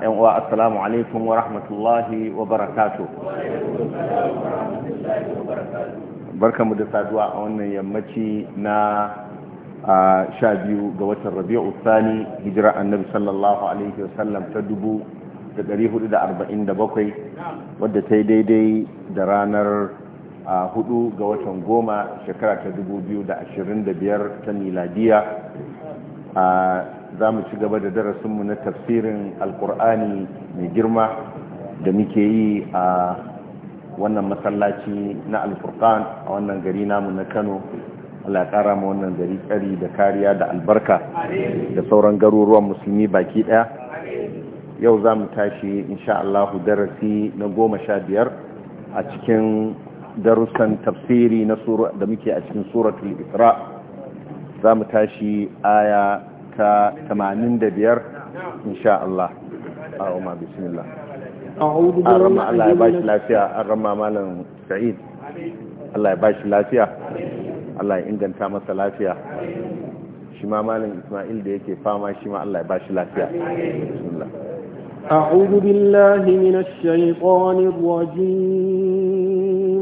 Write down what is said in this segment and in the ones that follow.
yan uwa assalamu alaikum wa rahmatullahi wa barakatuh barkamu da saduwa a wannan yammaci na sha biyu ga watan rabi'u Sani hijira annabi sallallahu alaihi wasallam ta dubu da dari hudu da arba'in da bakwai wadda ta yi daidai da ranar hudu ga watan goma shekara ta dubu biyu da ashirin da biyar ta miladiya za mu ci gaba da darasinmu na tafsirin alkur'ani mai girma da muke yi a wannan masallaci na alfurkan a wannan gari namu na kano alaƙara ma wannan gari tsari da kariya da albarka da sauran garuruwan musulmi baki ɗaya, yau za mu tashi insha darasi na goma sha biyar a cikin darussan tafsiri da muke a cikin suratul isra za mu tashi aya ta 85 insha Allah a umma bismillah an rama Allah ya bashi lafiya an rama malam sa'id Allah ya bashi lafiya Allah ya inganta masa lafiya shi ma malam Ismail da yake fama shi ma Allah ya bashi lafiya bismillah أعوذ بالله من الشيطان الرجيم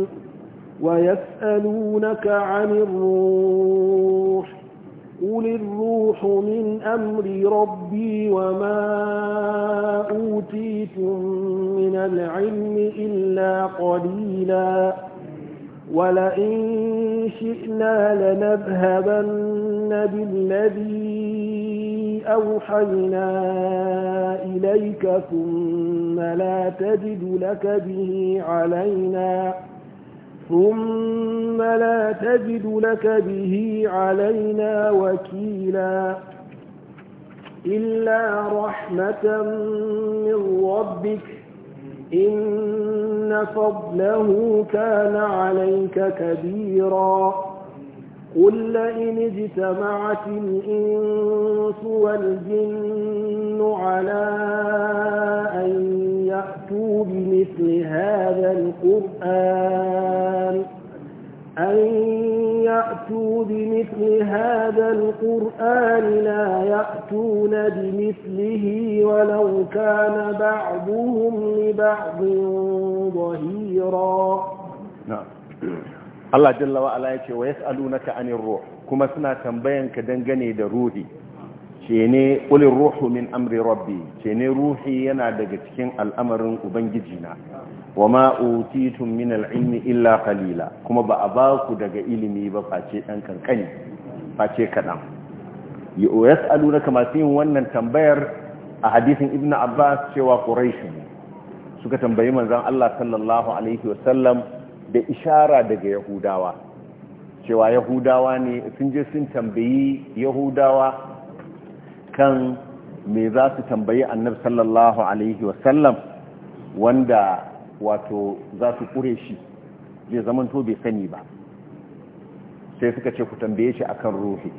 ويسألونك عن الروح الصلح من أمر ربي وما أوتيتم من العلم إلا قليلا ولئن شئنا لنذهبن بالذي أوحينا إليك ثم لا تجد لك به علينا ثم لا تجد لك به علينا وكيلا إلا رحمة من ربك إن فضله كان عليك كبيراً قل لئن اجتمعت الإنس والجن على أن يأتوا بمثل هذا القرآن أن يأتوا بمثل هذا القرآن لا يأتون بمثله ولو كان بعضهم لبعض ظهيراً Allah jalla wa ala yace wa yas'alunaka anir ruh kuma suna tambayan ka dangane da ruhi cene qulir ruhu min amri rabbi cene ruhi yana daga cikin al'amarin ubangiji na wama utitum min al'ilmi illa qalila kuma ba a ba ku daga ilimi ba face dan kankani face kadan yas'alunaka ma yin wannan tambayar a hadisin ibnu abbas cewa quraish suka tambayi manzon Allah sallallahu alaihi wasallam da ishara daga yahudawa cewa yahudawa ne sun je sun tambayi yahudawa kan me za su tambayi annab sallallahu alaihi wasallam wanda wato za su kure shi zai zamanto bai sani ba sai suka ce ku tambaye shi a kan ruhi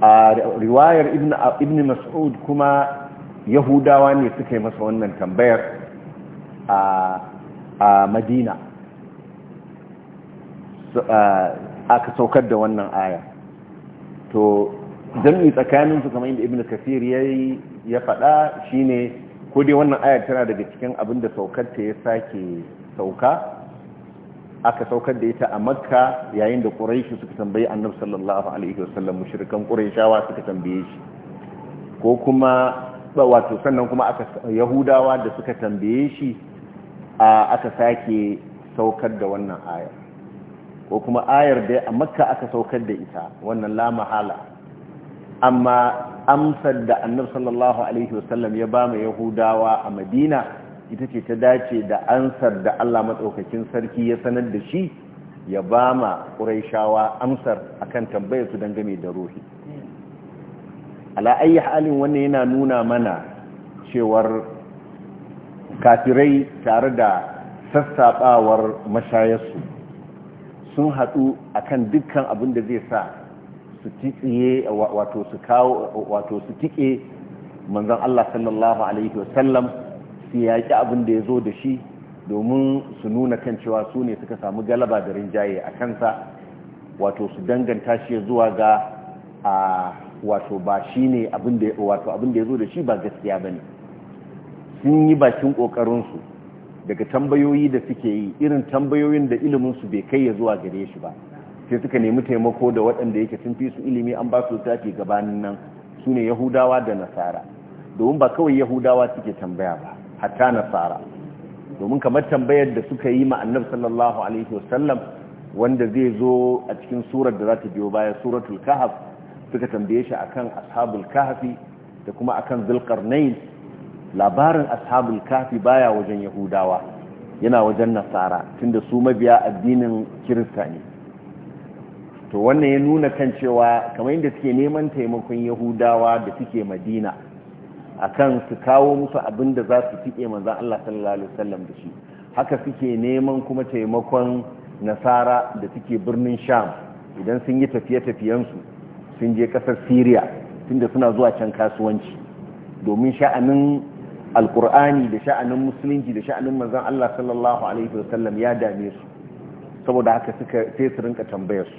a riwayar ibn mas'ud kuma yahudawa ne suka yi masa wannan tambayar a a madina aka saukar da wannan aya to jami'i su kamar inda ibn kafir ya yi ya faɗa shine ko dai wannan aya tana daga cikin abin da saukarta ya sake sauka aka saukar da ita a makka yayin da ƙuraishi suka tambayi annab sallallahu alaihi wasallam mushirikan ƙuraishawa suka tambaye shi ko kuma wato sannan kuma aka yahudawa da suka tambaye shi a aka sake saukar da wannan ayar ko kuma ayar da a makka aka saukar da ita wannan la mahala amma amsar da annabi sallallahu alaihi wasallam ya ba mu yahudawa a madina ita ce ta dace da ansar da Allah matsaukakin sarki ya sanar da shi ya ba ma ƙuraishawa amsar akan tambayar su dangane da ruhi ala ayi halin wannan yana nuna mana cewar kafirai tare da sassaɓawar mashayarsu sun haɗu kan dukkan abin da zai sa su titsiye wato su kawo wato manzon Allah sallallahu alaihi wasallam su yaƙi abin da ya zo da shi domin su nuna kan cewa su ne suka samu galaba da rinjaye a kansa wato su danganta shi zuwa ga wato ba shi ne abin da ya zo da shi ba gaskiya ba ne sun yi bakin ƙoƙarinsu daga tambayoyi da suke yi irin tambayoyin da iliminsu bai kai ya zuwa gare shi ba sai suka nemi taimako da waɗanda yake sun fi su ilimi an ba su tafi gabanin nan su ne yahudawa da nasara domin ba kawai yahudawa suke tambaya ba hatta nasara domin kamar tambayar da suka yi ma annabi sallallahu alaihi wasallam wanda zai zo a cikin surar da za ta biyo baya suratul kahf suka tambaye shi akan ashabul kahfi da kuma akan zulqarnain labarin ashabul kafi baya wajen yahudawa yana wajen nasara tunda su mabiya addinin kirista ne to wannan ya nuna kan cewa kamar yadda suke neman taimakon yahudawa da suke madina akan su kawo musu abin da za su fiƙe manzan Allah sallallahu alaihi wasallam da shi haka suke neman kuma taimakon nasara da suke birnin sham idan sun yi tafiye su sun je ƙasar syria tunda suna zuwa can kasuwanci domin sha'anin alkur'ani da sha'anin musulunci da sha'anin manzon Allah sallallahu alaihi wasallam ya dame su saboda haka suka sai su rinka tambayar su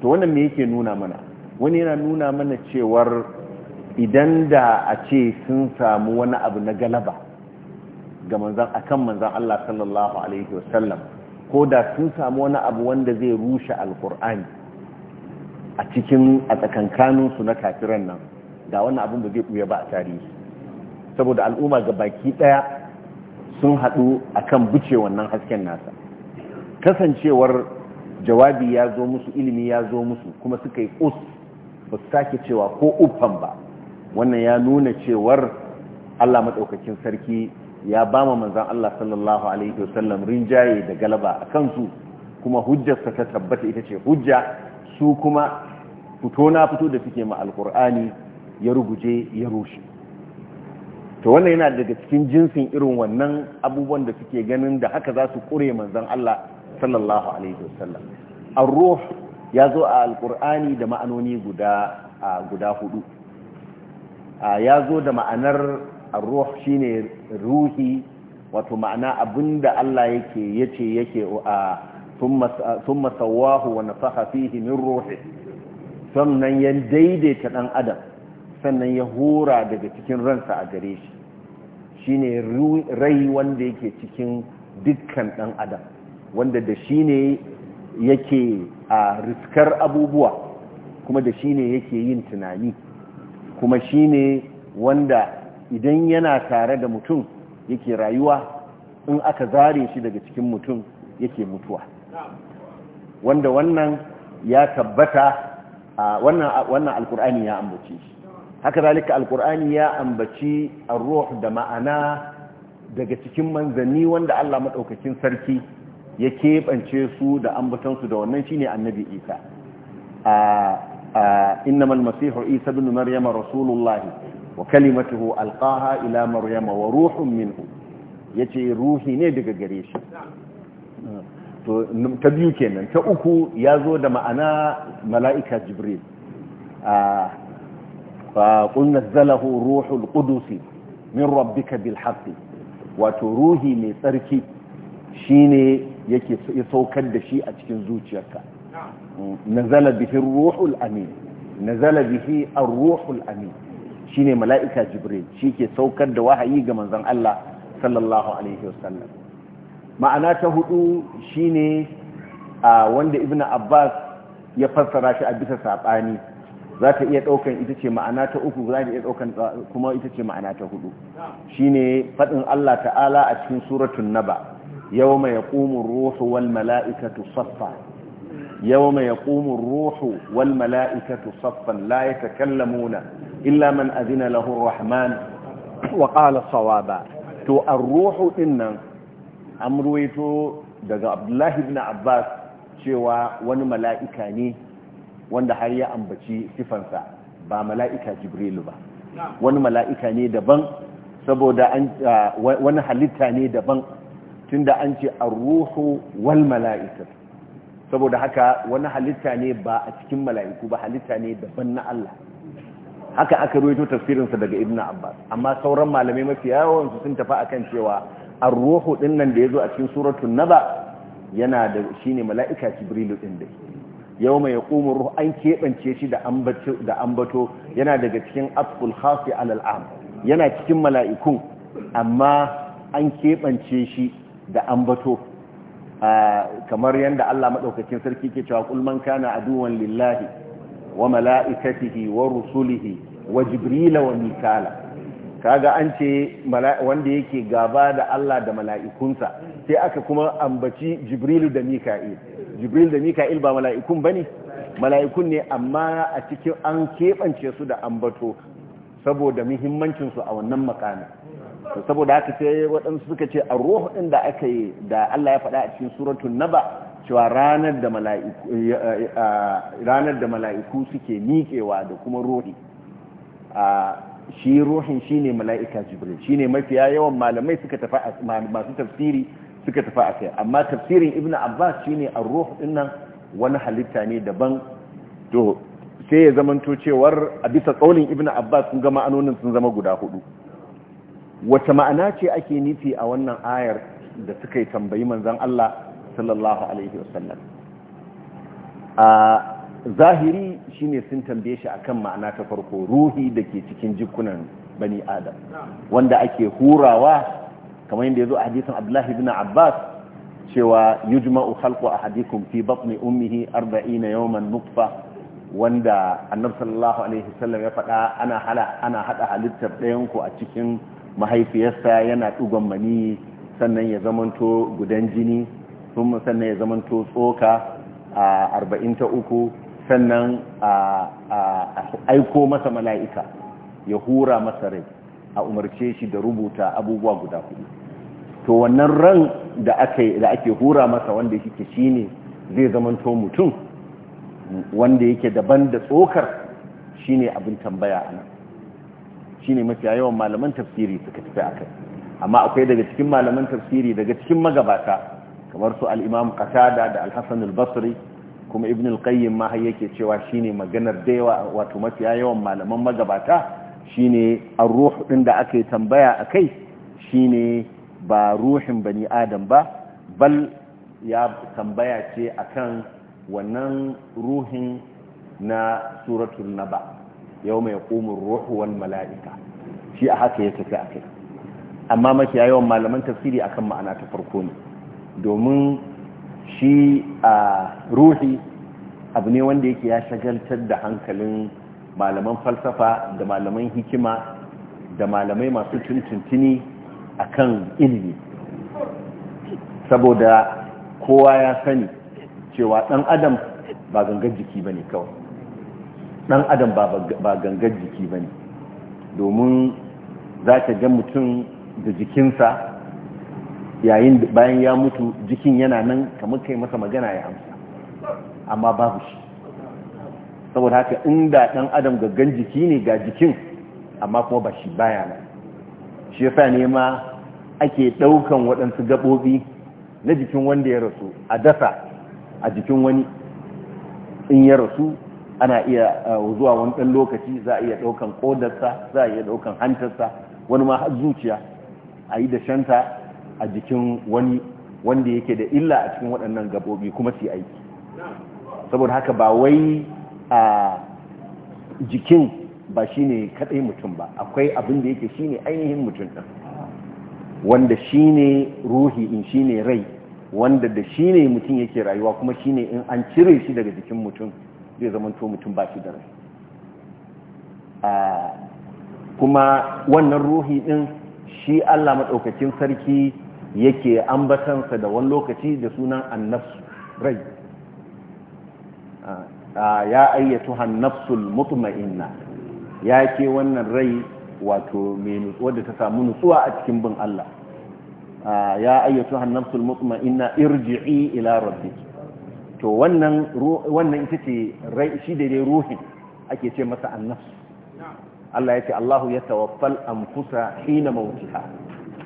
to wannan me yake nuna mana wani yana nuna mana cewar idan da a ce sun samu wani abu na galaba ga manzon akan manzon Allah sallallahu alaihi wasallam ko da sun samu wani abu wanda zai rushe alkur'ani a cikin a su na kafiran nan da wannan abin ba zai buya ba a tarihi saboda al'umma ga baki daya sun haɗu kan buce wannan hasken nasa kasancewar jawabi ya zo musu ilimi ya zo musu kuma suka yi us ba su sake cewa ko uffan ba wannan ya nuna cewar Allah maɗaukakin sarki ya ba ma manzan Allah sallallahu alaihi wasallam rinjaye da galaba a kansu kuma hujjarsa ta tabbata ita ce hujja su kuma fito na fito da suke ma alkur'ani ya ruguje ya rushe to wannan yana daga cikin jinsin irin wannan abubuwan da suke ganin da haka za su kure manzon Allah sallallahu alaihi wasallam ar-ruh ya zo a alqur'ani da ma'anoni guda guda hudu ya zo da ma'anar ar-ruh shine ruhi wato ma'ana abinda Allah yake yace yake a thumma sawahu wa nafakha fihi ruhi sannan ya daidaita dan adam sannan ya hura daga cikin ransa a gare shi shine rai wanda yake cikin dukkan ɗan adam wanda da shi ne yake a riskar abubuwa kuma da shi ne yake yin tunani kuma shi ne wanda idan yana tare da mutum yake rayuwa in aka zare shi daga cikin mutum yake mutuwa wanda wannan ya tabbata wannan alkur'ani ya ambace shi haka zalika alkur'ani ya ambaci ar-ruh da ma'ana daga cikin manzanni wanda Allah madaukakin sarki ya keɓance su da su da wannan shine annabi Isa a innamal masih Isa ibn Maryam rasulullahi wa kalimatuhu alqaha ila Maryam wa ruhun minhu yace ruhi ne daga gare shi to ta biyu kenan ta uku ya zo da ma'ana mala'ika Jibril فقل نزله روح القدس من ربك بالحق Ruhi mai tsarki شيني yake ya saukar da shi a cikin zuciyarka nazala bihi ruhul amin nazala bihi ar-ruhul amin shine mala'ika jibril shike saukar da wahayi ga manzon Allah sallallahu alaihi wasallam ma'ana ta hudu shine wanda ibnu abbas ya fassara shi a bisa sabani za ta iya ɗaukan ita ce ma'ana ta uku za ta iya ɗaukan kuma ita ce ma'ana ta hudu shine faɗin Allah ta'ala a cikin suratun naba yawma yaqumu ruhu wal mala'ikatu saffa yawma yaqumu ruhu wal mala'ikatu saffan la yatakallamuna illa man azina lahu rahman wa qala sawaba to ar-ruhu dinnan amruwaito daga Abdullahi ibn Abbas cewa wani mala'ika ne wanda har ya ambaci sifansa ba mala'ika jibrilu ba wani mala'ika ne daban saboda wani halitta ne daban tunda an ce a ruhu wal mala'ika saboda haka wani halitta ne ba a cikin mala'iku ba halitta ne daban na Allah haka aka ruwaito tafsirinsa daga ibn abbas amma sauran malamai mafi yawansu su sun tafi akan cewa ar-ruhu dinnan da da yazo a cikin suratul naba yana da shine mala'ika jibrilu din dai yau mai yaƙumin ruhu an keɓance shi da ambato yana daga cikin afkul hafi al'am yana cikin mala'ikun amma an keɓance shi da ambato kamar yadda Allah maɗaukacin sarki ke cewa ƙulman kana aduwan lillahi wa mala'ikatihi wa rusulihi wa jibrila wa mikala kaga an ce wanda yake gaba da Allah da mala'ikunsa sai aka kuma ambaci jibrilu da mika'il jibril da mika'il ba mala'ikun bane mala'ikun ne amma a cikin an keɓance su da ambato saboda muhimmancinsu a wannan makamin saboda haka sai waɗansu suka ce a ruhu ɗin da aka yi da Allah ya faɗa a cikin suratun naba cewa eh, eh, eh, ranar da mala'iku suke miƙewa da kuma ruhi shi ruhin shine mala'ika jibril shine mafiya yawan malamai suka tafi masu tafsiri suka tafi a kai amma tafsirin ibn abbas shine an ruh dinnan wani halitta ne daban to sai ya zamanto cewar a bisa kaulin ibn abbas kun ga ma'anonin sun zama guda hudu wace ma'ana ce ake nufi a wannan ayar da suka yi tambayi manzon Allah sallallahu alaihi wasallam a zahiri shine sun tambaye shi akan ma'ana ta farko ruhi da ke cikin jikunan bani adam wanda ake hurawa kamar yadda ya zo a hadisin abdullahi bin abbas cewa yujma'u khalqu ahadikum fi batni ummihi 40 yawman nutfa wanda annabi sallallahu alaihi wasallam ya faɗa ana hala ana hada halittar ɗayan a cikin mahaifiyarsa yana dugon mani sannan ya zamanto gudan jini sun sannan ya zamanto tsoka a 43 sannan a aiko masa mala'ika ya hura masa rai a umarce shi da rubuta abubuwa guda hudu to wannan ran da ake hura masa wanda yake shine zai zamanto mutum wanda yake daban da tsokar shine abin tambaya ana shine mafi yawan malaman tafsiri suka tafi kai, amma akwai daga cikin malaman tafsiri daga cikin magabata kamar su al-Imam Qatada da Alhassan al-Basri kuma Ibn al-Qayyim ma yake cewa shine maganar da wato mafi yawan malaman magabata shine an ruhu din da aka yi tambaya akai shine ba ruhin bani adam ba bal ya tambaya ce akan wannan ruhin na suratul naba mai ƙumin ruhu wani malaika shi a haka ya tafi a kai. amma mafi yawan malaman tafsiri akan ma'ana ta farko ne domin shi a ruhi abu ne wanda yake ya shagaltar da hankalin malaman falsafa da malaman hikima da malamai masu tuntuntuni a kan ilimi saboda kowa ya sani cewa ɗan adam ba gangar jiki ba ne kawai ɗan adam ba gangar jiki ba ne domin za ka ga mutum da jikinsa yayin bayan ya mutu jikin yana nan kamar kai masa magana ya amsa amma babu shi saboda haka inda ɗan adam gaggan jiki ne ga jikin amma kuma ba shi baya nan shi yasa ne ma ake ɗaukan waɗansu gabobi na jikin wanda ya rasu a dasa a jikin wani in ya rasu ana iya zuwa wani ɗan lokaci za a iya ɗaukan ƙodarsa za a iya ɗaukan hantarsa wani ma har zuciya a yi da a jikin wani wanda yake da illa a cikin waɗannan gabobi kuma su aiki saboda haka ba wai a jikin ba shi ne kaɗai mutum ba akwai abin da yake shi ne ainihin mutum ɗin wanda shi ne ruhi in shi ne rai wanda da shi ne mutum yake rayuwa kuma shi ne in an cire shi daga jikin mutum zai zama to mutum ba shi da rai kuma wannan ruhi ɗin shi allah maɗaukacin sarki yake ambatansa da wani lokaci da sunan annas rai ya ayyatuha nafsul mutma'inna ya ke wannan rai wato mai nutsuwa da ta samu nutsuwa a cikin bin Allah ya ayyatuha nafsul mutma'inna irji'i ila rabbiki to wannan wannan ita ce rai shi da dai ruhin ake ce masa annafs Allah ya ce Allahu ya tawaffal anfusa hina mautiha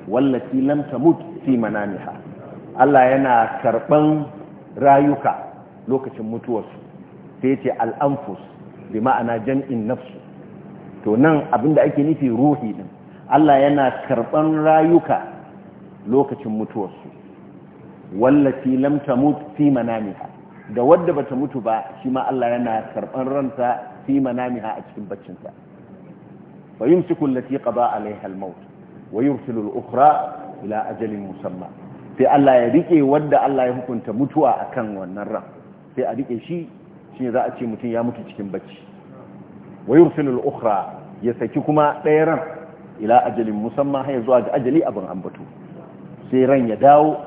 wallati lam tamut fi manamiha Allah yana karban rayuka lokacin mutuwarsu sai ce al'amfus bi ma'ana jam'in nafsu to nan abinda ake nufi ruhi din Allah yana karban rayuka lokacin mutuwarsu wallati lam mutu fi manamiha da wadda bata mutu ba shi ma Allah yana karban ranta fi manamiha a cikin baccinta fa yumsiku latiƙa ba a al-maut wa yursilu al ila ajalin musamma sai Allah ya rike wadda Allah ya hukunta mutuwa akan wannan ran sai a rike shi shi za a ce mutum ya mutu cikin bacci wa yursilul ukhra ya saki kuma ɗaya ran ila ajalin musamman har zuwa ga ajali abin ambato sai ran ya dawo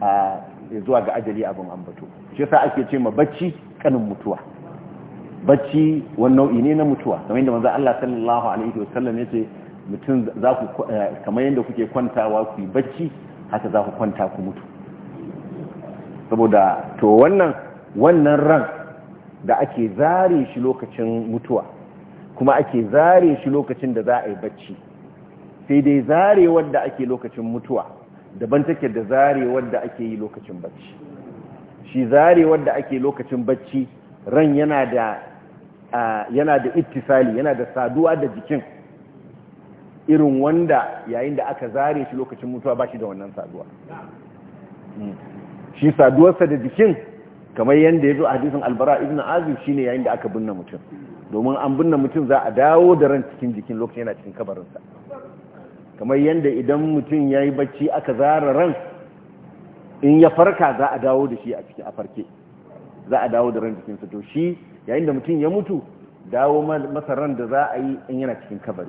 a zuwa ga ajali abin ambato shi yasa ake ce ma bacci kanin mutuwa bacci wani nau'i ne na mutuwa kamar yadda manzo Allah sallallahu alaihi wasallam yace mutum za ku kamar yadda kuke kwantawa ku yi bacci haka za ku kwanta ku mutu saboda to wannan wannan ran da ake zare shi lokacin mutuwa kuma ake zare shi lokacin da za a yi bacci sai dai zare wadda ake lokacin mutuwa daban take da zare wadda ake yi lokacin bacci shi zare wadda ake lokacin bacci ran yana da yana da ittisali yana da saduwa da jikin irin wanda yayin da aka zare shi lokacin mutuwa ba shi da wannan saduwa hmm. shi saduwarsa da jikin kamar yadda ya zo a hadisun albara ibn shi ne yayin da aka binne mutum domin an binne mutum za a dawo da ran cikin jikin lokacin yana cikin kabarinsa kamar yadda idan mutum ya yi bacci aka zara ran in ya farka za a dawo da shi a cikin afarke za a dawo da ran jikinsa to shi yayin da mutum ya mutu dawo masa ran da za a yi in yana cikin kabari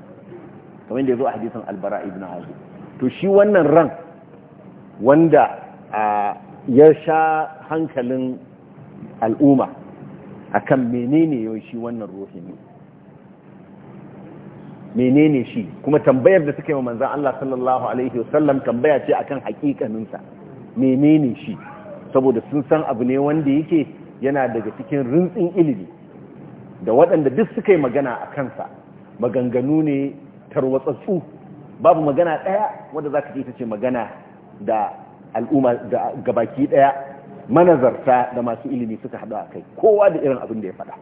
kamar yadda ya zo a hadisan albara ibn azib to shi wannan ran wanda ya sha hankalin al'umma kan menene yau shi wannan ruhi ne menene shi kuma tambayar da suka yi wa manzan Allah sallallahu alaihi wasallam tambaya ce akan hakikaninsa menene shi saboda sun san abu ne wanda yake yana daga cikin rintsin ilimi da waɗanda duk suka yi magana a kansa maganganu ne tarwatsatsu babu magana ɗaya wadda za ka ce ita ce magana da al'umma ga baki ɗaya manazarta da masu ilimi suka haɗu a kai kowa da irin abin da ya faɗa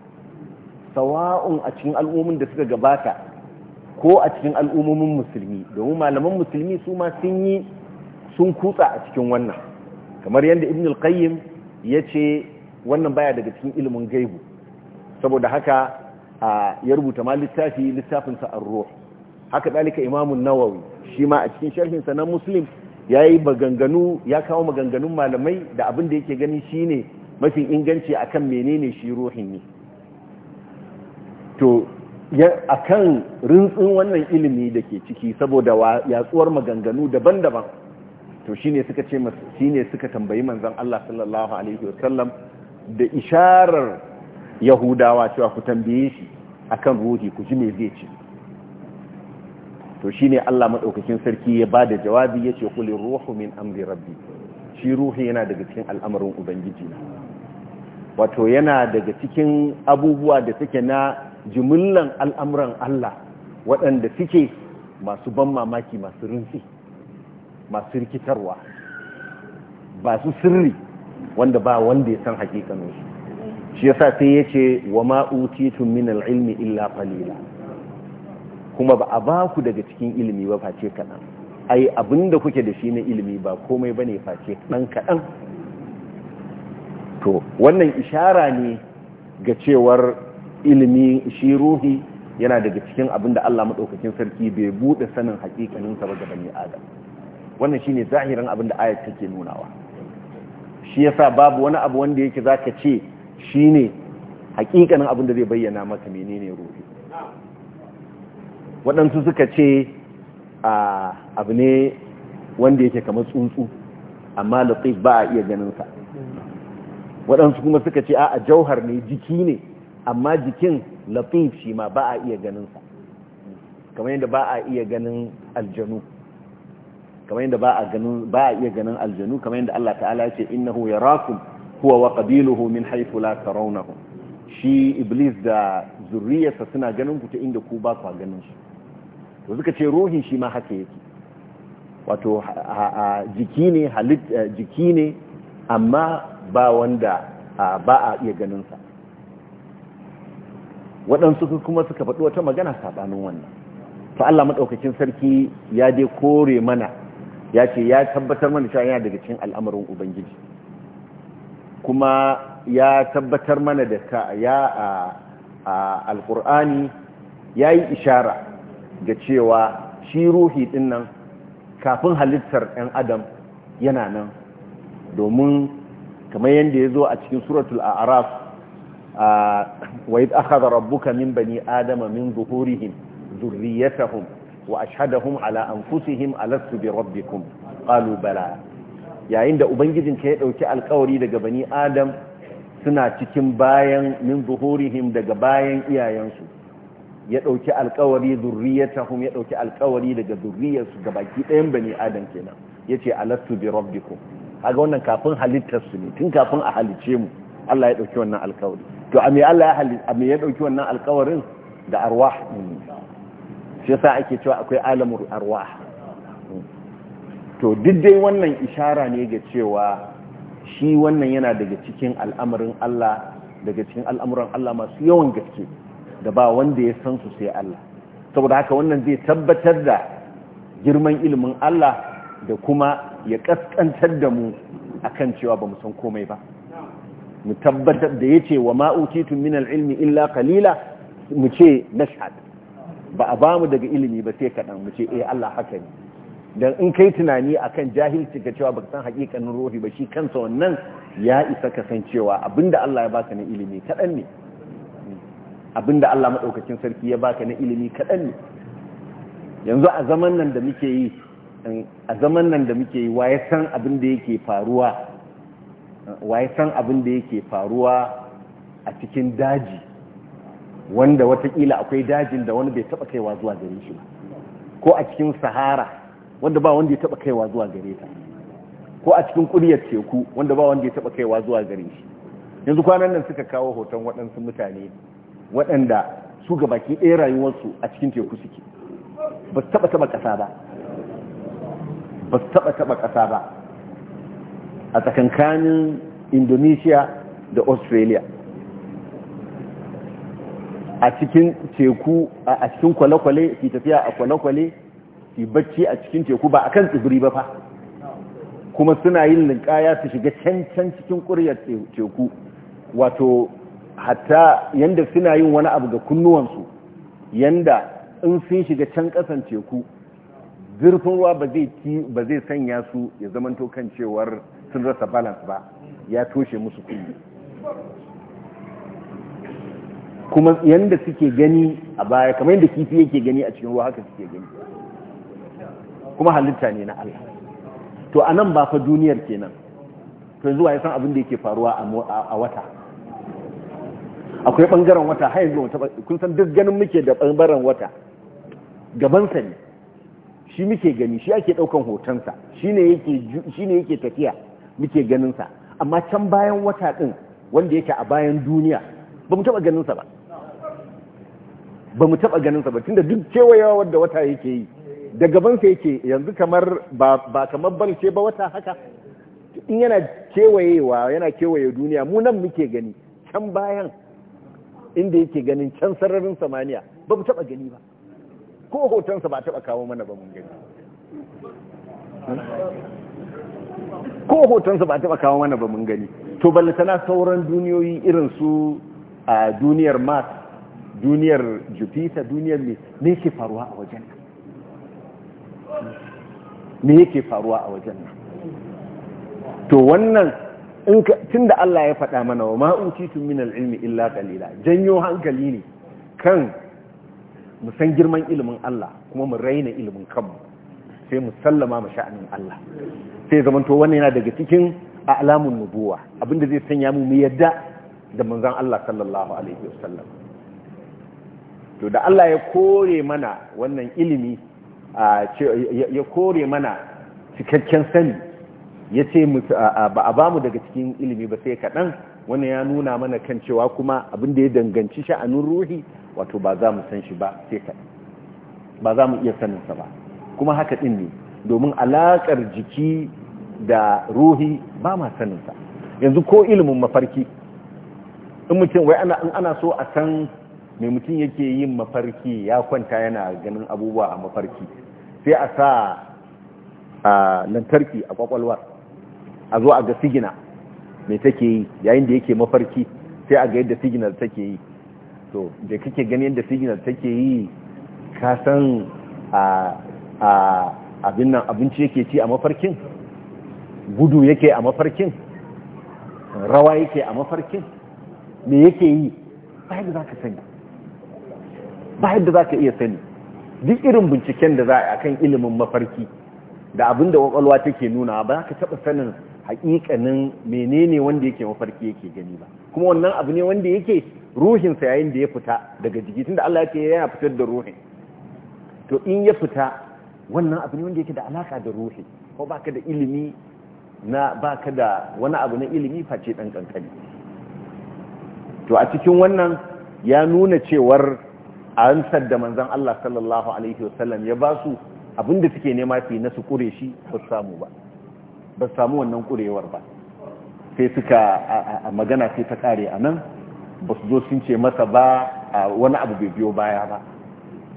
sawa'un a cikin al'ummin da suka gabata ko a cikin al'ummomin musulmi domin malaman musulmi su ma sun yi sun kutsa a cikin wannan kamar yadda ibn al ya ce wannan baya daga cikin ilimin gaibu saboda haka ya rubuta ma littafi littafinsa ar haka dalika imamun nawawi shi ma a cikin sharhinsa na muslim ya yi maganganu ya kawo maganganun malamai da abin da yake gani shine mafi inganci akan menene shi ruhin ne to kan rintsin wannan ilimi da ke ciki saboda yatsuwar maganganu daban-daban to shine suka suka tambayi manzan Allah sallallahu alaihi wasallam da isharar yahudawa cewa ku tambaye shi akan ruhi ku ji me zai ce to shi ne Allah maɗaukakin sarki ya bada jawabi ya ce kuli ruhu min amri rabbi shi ruhu yana daga cikin al'amarin ubangiji na wato yana daga cikin abubuwa da suke na jimillan al'amuran Allah waɗanda suke masu ban mamaki masu rinsi masu rikitarwa ba su sirri wanda ba wanda ya san hakikanin shi shi yasa sai yace wa ma utitum min al'ilmi illa Falila. kuma ba a ba ku daga cikin ilimi ba face kaɗan ai abinda kuke da shi na ilimi ba komai ba ne face ɗan kaɗan to wannan ishara ne ga cewar ilimi shi ruhi yana daga cikin abin da Allah maɗaukakin sarki bai buɗe sanin haƙiƙaninsa ba ga bani adam wannan shi ne zahirin abin da ayat take nunawa shi ya sa babu wani abu wanda yake za ka ce shi ne haƙiƙanin abin da zai bayyana maka menene ruhi waɗansu suka ce abu ne wanda yake kamar tsuntsu amma latif ba a iya ganinsa waɗansu kuma suka ce a jauhar ne jiki ne amma jikin latif shi ma ba a iya ganinsa kamar yadda ba a iya ganin aljanu kamar yadda ba a iya ganin aljanu kamar yadda Allah ta'ala ce innahu yarakum huwa wa qabiluhu min haythu la tarawnahum shi iblis da zurriyarsa suna ganin ku ta inda ku ba ku ganin shi to suka ce ruhin shi ma haka yake wato jiki ne eh, jiki ne amma ba wanda ba a iya ganinsa waɗansu kuma suka faɗi wata magana saɓanin wannan to Allah sarki ya dai kore mana ya ce ya tabbatar mana cewa yana daga cikin al'amarin ubangiji kuma ya tabbatar mana da ya a alƙur'ani ya yi ishara ga cewa shi ruhi din nan kafin halittar ɗan adam yana nan domin kamar yadda ya zo a cikin suratul a'raf wa aka akhadha rabbuka min bani adama min zuhurihim zurriyatahum wa ashhadahum ala anfusihim alastu bi rabbikum qalu bala yayin da ubangijin ka ya dauki alkawari daga bani adam suna cikin bayan min zuhurihim daga bayan iyayensu ya ɗauki alkawari zurriyatahum ya ɗauki alkawari daga zurriyarsu ga baki ɗayan bani adam kenan yace alastu bi rabbikum kaga wannan kafin halittar su ne tun kafin a halice mu Allah ya ɗauki wannan alkawari to a me Allah ya halitta me ya ɗauki wannan alkawarin da arwah ne shi yasa ake cewa akwai alamur arwah to duk dai wannan ishara ne ga cewa shi wannan yana daga cikin al'amarin Allah daga cikin al'amuran Allah masu yawan gaske da ba wanda ya san su sai Allah saboda haka wannan zai tabbatar da girman ilimin Allah da kuma ya kaskantar da mu akan cewa ba mu san komai ba mu tabbatar da yace wa ma utitu min al-ilmi illa qalila mu ce nashad ba a bamu daga ilimi ba sai kadan mu ce eh Allah haka ne dan in kai tunani akan jahilci ka cewa baka san hakikanin ruhi ba shi kansa wannan ya isa kasancewa abinda Allah ya baka na ilimi kadan ne abinda Allah maɗaukacin sarki ya baka na ilimi kaɗan ne yanzu a zaman nan da muke yi a zaman nan da muke yi waye san abin da yake faruwa waye san abin da yake faruwa a cikin daji wanda watakila akwai dajin da wani bai taɓa kaiwa zuwa gare shi ba ko a cikin sahara wanda ba wanda ya taɓa kaiwa zuwa gare ta ko a cikin ƙuryar teku wanda ba wanda ya taɓa kaiwa zuwa gare shi yanzu kwanan nan suka kawo hoton waɗansu mutane waɗanda su ga baki ɗaya rayuwarsu a cikin teku suke ba su taɓa taɓa ƙasa ba ba su taɓa taɓa ƙasa ba a tsakankanin indonesia da australia a cikin teku a cikin kwale-kwale su tafiya a kwale-kwale su bacci a cikin teku ba a kan tsibiri ba fa kuma suna yin linkaya su shiga can can cikin ƙuryar teku wato hatta yanda suna yin wani abu ga kunnuwansu yanda in sun shiga can kasan teku zurfin ruwa ba zai sanya su ya zamanto kan cewar sun rasa balance ba ya toshe musu kunni kuma yanda suke gani a baya kamar yadda kifi yake gani a cikin ruwa haka suke gani kuma halitta ne na Allah to anan ba fa duniyar kenan to zuwa ya san abin da yake faruwa a wata akwai bangaren wata har yanzu kun san duk ganin muke da bangaren wata gabansa ne shi muke gani shi ake daukan hotonsa shi ne yake tafiya muke ganinsa amma can bayan wata din wanda yake a bayan duniya ba mu taba ganinsa ba ba mu taba ganinsa ba tunda duk kewayewa wadda wata yake yi da gabansa yake yanzu kamar ba kamar balce ba wata haka in yana kewayewa yana kewaye duniya mu nan muke gani can bayan inda yake ganin can sararin samaniya ba mu taba gani ba ko hotonsa ba taba kawo mana ba mun gani ko hotonsa ba taba kawo mana ba mun gani to ballantana sauran duniyoyi irin su a duniyar mars duniyar jupiter duniyar ne me yake faruwa a wajen ne me yake faruwa a wajen to wannan tun da Allah ya faɗa mana wa ma'utitun min al'ilmi illa kalila janyo hankali ne kan musan girman ilimin Allah kuma mu raina ilimin kanmu sai mu sallama mu sha'anin Allah sai zamanto wannan yana daga cikin alamun nubuwa abinda zai sanya mu mu yadda da manzon Allah sallallahu alaihi wasallam to da Allah ya kore mana wannan ilimi ya kore mana cikakken sani ya ce ba a bamu daga cikin ilimi ba sai kaɗan wannan ya nuna mana kan cewa kuma abin da ya danganci sha'anin ruhi wato ba za mu san shi ba sai kaɗan ba za mu iya saninsa ba kuma haka ɗin ne domin alaƙar jiki da ruhi ba ma saninsa yanzu ko ilimin mafarki in mutum wai ana so a san mai mutum yake yin mafarki ya kwanta yana ganin abubuwa a mafarki sai a sa a lantarki a kwakwalwar a zo a ga sigina mai take yi yayin da yake mafarki sai a ga yadda siginar take yi to da kake gani yadda siginar take yi ka san abin nan abinci yake ci a mafarkin gudu yake a mafarkin rawa yake a mafarkin me yake yi ba yadda za ka sani ba yadda za ka iya sani duk irin binciken da za a kan ilimin mafarki da abin da kwakwalwa take nuna ba za ka taɓa sanin hakikanin menene wanda yake mafarki yake gani ba kuma wannan abu ne wanda yake ruhinsa yayin da ya fita daga jiki tunda Allah yake yana fitar da ruhin to in ya fita wannan abu ne wanda yake da alaka da ruhi ko baka da ilimi na baka da wani abu na ilimi face dan kankani to a cikin wannan ya nuna cewar ansar da manzon Allah sallallahu alaihi wasallam ya ba basu abinda suke nema fi na su kure shi ba samu ba ba samu wannan kurewar ba sai suka a magana sai ta kare a nan ba su zo sun ce masa ba wani abu bai biyo baya ba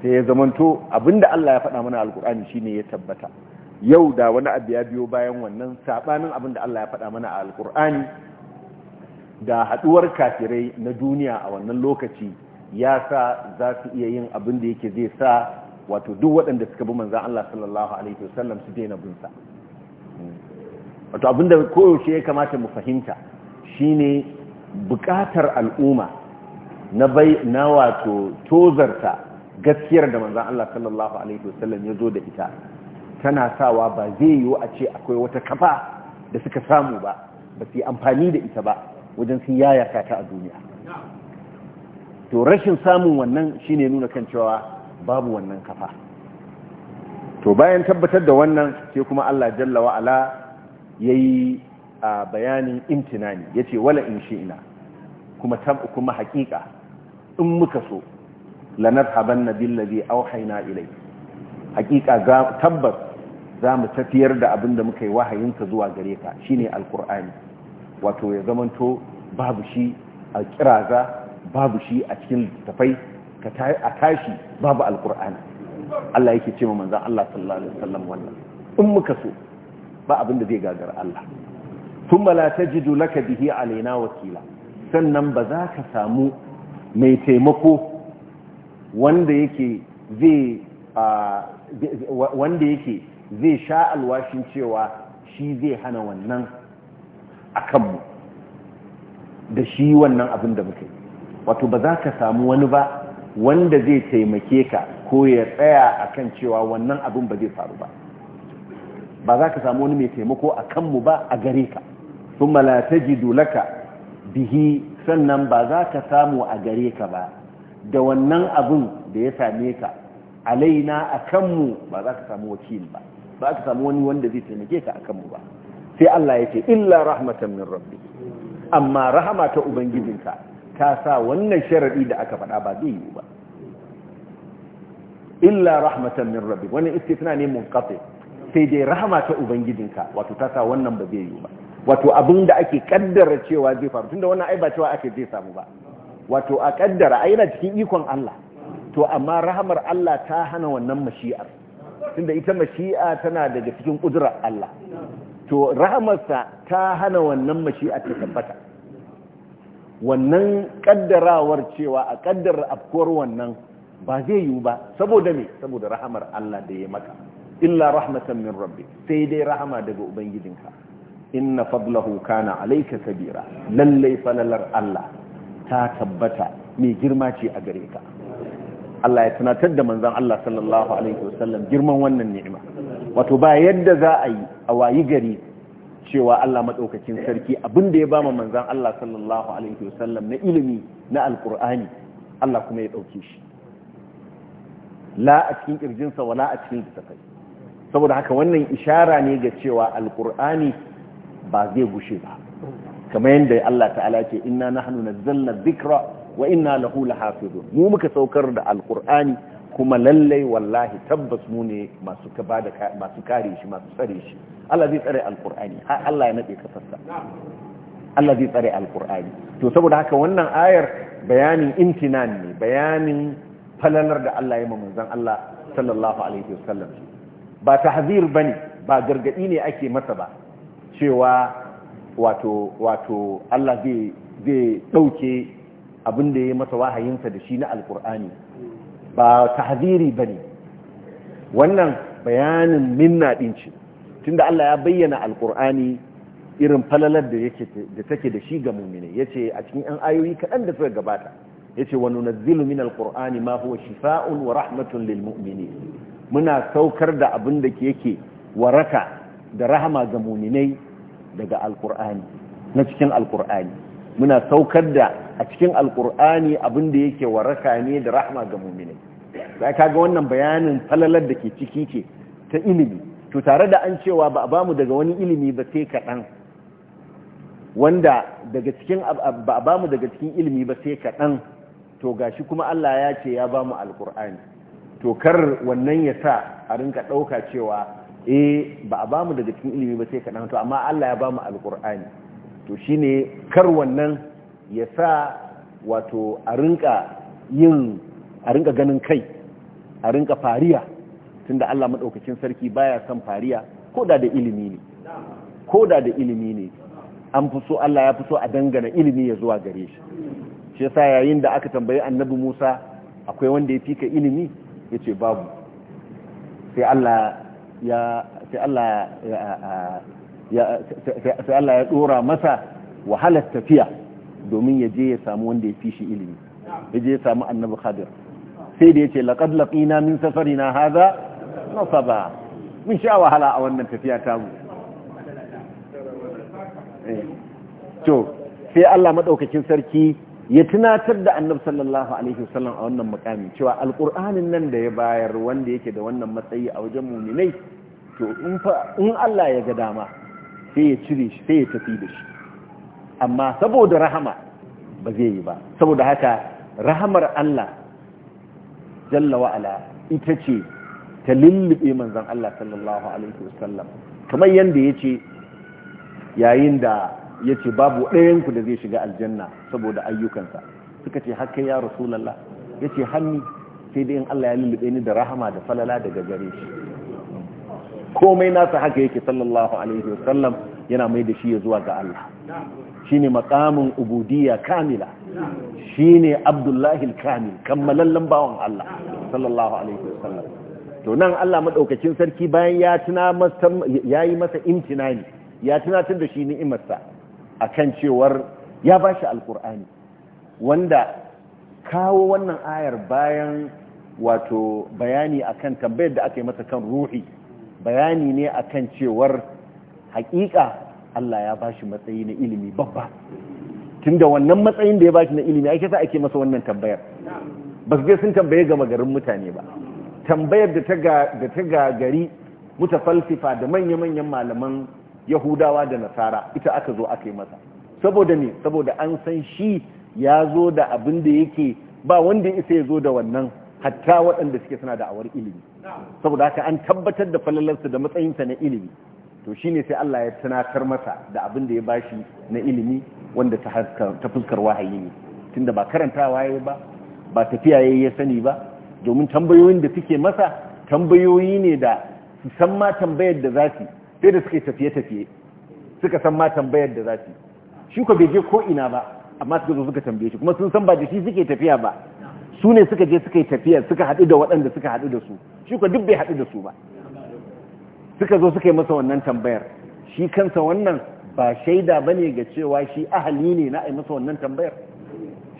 sai ya zamanto abinda Allah ya faɗa mana alkur'ani shine ya tabbata yau da wani abu ya biyo bayan wannan sabanin abinda Allah ya faɗa mana a alkur'ani da haɗuwar kafirai na duniya a wannan lokaci ya sa za su iya yin abin da yake zai sa wato duk waɗanda suka bi manzan Allah sallallahu alaihi wasallam su daina bin wato abinda koyaushe ya kamata mu fahimta shine bukatar al'umma na bai na wato tozarta gaskiyar da manzon Allah sallallahu alaihi wasallam ya zo da ita tana sawa ba zai yiwu a ce akwai wata kafa da suka samu ba ba su yi amfani da ita ba wajen sun yayaka ta a duniya to rashin samun wannan shine nuna kan cewa babu wannan kafa to bayan tabbatar da wannan sai kuma Allah jalla wa'ala. yayi bayanin ya yace wala in shi'na kuma kuma haƙiƙa in muka so lanadhabanna billazi auhaina ilai haƙiƙa tabbas za mu tafiyar da abin da muka yi wahayinsa zuwa gare ka shine alkur'ani wato ya zamanto babu shi a kiraza babu shi a cikin tafai a tashi babu alkur'ani Allah yake ce ma manzon Allah sallallahu alaihi wasallam wannan in muka so ba abin da zai gagar Allah thumma ta tajidu laka bihi a alaina wakila sannan ba za ka samu mai taimako wanda yake zai sha alwashin cewa shi zai hana wannan akanmu da shi wannan abin da muke wato ba za ka samu wani ba wanda zai taimake ka ko ya tsaya akan cewa wannan abin ba zai faru ba ba za ka samu wani mai taimako a kanmu ba a gare ka sun malata laka bihi sannan ba za ka samu a gare ka ba da wannan abin da ya same ka alaina a kanmu ba za ka samu wakil ba ba ka samu wani wanda zai taimake ka a kanmu ba sai Allah ya ce illa rahmatan min rabbi amma rahama ta ubangijinka ta sa wannan sharadi da aka faɗa ba zai yi ba illa rahmatan min rabbi wannan istisna ne munqati sai dai rahama ta ubangijinka wato ta sa wannan ba zai yi ba wato abin da ake kaddara cewa zai faru tunda wannan ai ba cewa ake zai samu ba wato a kaddara ai yana cikin ikon Allah to amma rahamar Allah ta hana wannan mashi'ar tunda ita mashi'a tana daga cikin kudura Allah to rahamarsa ta hana wannan mashi'a ta tabbata wannan kaddarawar cewa a kaddara afkuwar wannan ba zai yiwu ba saboda me saboda rahamar Allah da ya maka illa rahmatan min rabbi sai dai rahama daga ubangijinka inna fadlahu kana alayka kabira lalle falalar Allah ta tabbata mai girma ce a gare ka Allah ya tunatar da manzon Allah sallallahu alaihi wasallam girman wannan ni'ima wato ba yadda za a yi a wayi gari cewa Allah madaukakin sarki abinda ya bama manzon Allah sallallahu alaihi wasallam na ilimi na alqur'ani Allah kuma ya dauke shi la a cikin kirjinsa wala a cikin littafai saboda haka wannan ishara ne ga cewa alkur'ani ba zai gushe ba kamar yadda Allah ta'ala ce inna nahnu nazzalna dhikra wa inna lahu lahafizun mu muka saukar da alkur'ani kuma lallai wallahi tabbas mu ne masu bada masu kare shi masu tsare shi Allah zai tsare alkur'ani har Allah ya nade kafarsa Allah zai tsare alkur'ani to saboda haka wannan ayar bayanin intinan ne bayanin falalar da Allah ya manzon Allah sallallahu alaihi wasallam ba tahzir bane ba gargaɗi ne ake masa ba cewa wato wato Allah zai ɗauke abin da ya masa wahayinsa da shi na Alƙur'ani ba tahziri ne wannan bayanin minna ɗinci tun da Allah ya bayyana Alƙur'ani irin falalar da da take da shi ga ya ce a cikin 'yan ayoyi kaɗan da suka gabata ya ce wani nazilu minal Alƙur'ani ma huwa shifa'un wa rahmatun lil mumini muna saukar da abin da yake waraka da rahama ga muminai daga alkur'ani na cikin alkur'ani muna saukar da a cikin alkur'ani abin da yake waraka ne da rahama ga muminai sai ga wannan bayanin falalar da ke ciki ke ta ilimi to tare da an cewa ba a bamu daga wani ilimi ba sai kaɗan wanda daga cikin ba a bamu daga cikin ilimi ba sai kaɗan to gashi kuma Allah ya ce ya bamu alkur'ani to kar wannan ya sa a rinka ɗauka cewa eh ba a bamu daga cikin ilimi ba sai kaɗan to amma Allah ya bamu alƙur'ani to shi ne kar wannan ya sa wato a rinka yin a rinka ganin kai a rinka fariya tun da Allah maɗaukacin sarki baya son fariya ko da da ilimi ne ko da da ilimi ne an fi so Allah ya fi so a dangana ilimi ya zuwa gare shi shi yasa yayin da aka tambayi annabi Musa akwai wanda ya fika ilimi ya ce babu sai Allah ya sai Allah ya sai Allah ya dora masa wahalar tafiya domin ya je ya samu wanda ya fi shi ilimi ya je ya samu annabu khadir sai da ya ce laqad laqina min safarina hadha nasaba mun sha wahala a wannan tafiya ta mu eh. to sai Allah madaukakin sarki ya tunatar da annabi sallallahu alaihi wasallam a wannan makami cewa alqur'anin nan da ya bayar wanda yake da wannan matsayi a wajen muminai to in fa in Allah ya ga dama sai ya cire shi sai ya tafi da shi amma saboda rahama ba zai yi ba saboda haka rahamar Allah jalla wa ala ita ce ta lullube manzon Allah sallallahu alaihi wasallam kamar yanda yace yayin da ya ce babu ɗayanku da zai shiga aljanna saboda ayyukansa suka ce haka ya rasulallah ya ce hannu sai dai in Allah ya lullube ni da rahama da falala daga gare shi komai nasa haka yake sallallahu alaihi wasallam yana mai da shi ya zuwa ga Allah shine maqamin ubudiyya kamila shine abdullahi kamil kammalallen bawon Allah sallallahu alaihi wasallam to nan Allah madaukakin sarki bayan ya tuna masa yayi masa imtinani ya tunatar da shi ni'imarsa akan cewar ya ba shi alkur'ani wanda kawo wannan ayar bayan wato bayani akan tambayar da aka yi masa kan ruhi bayani ne akan cewar hakika Allah ya ba shi matsayi na ilimi babba tunda wannan matsayin da ya ba shi na ilimi ake sa ake masa wannan tambayar ba su sun tambaye gama garin mutane ba tambayar da ta gari mutafalsifa da manya-manyan malaman yahudawa da nasara ita aka zo aka yi masa saboda ne saboda an san shi ya zo da abin da yake ba wanda ya isa ya zo da wannan hatta waɗanda suke suna da awar ilimi saboda haka an tabbatar da falalarsa da matsayinsa na ilimi to shi ne sai Allah ya tunatar masa da abin da ya bashi na ilimi wanda ta fuskar wahayi ne tunda ba karantawa yayi ba ba tafiya ya ya sani ba domin tambayoyin da suke masa tambayoyi ne da su san ma tambayar da za su sai da suka tafiye-tafiye suka san ma tambayar da za su shi ko bai je ko ina ba amma suka zo suka tambaye shi kuma sun san ba da shi suke tafiya ba su ne suka je suka yi tafiya suka haɗu da waɗanda suka haɗu da su shi ko duk bai haɗu da su ba suka zo suka yi masa wannan tambayar shi kansa wannan ba shaida ba ne ga cewa shi ahali ne na a masa wannan tambayar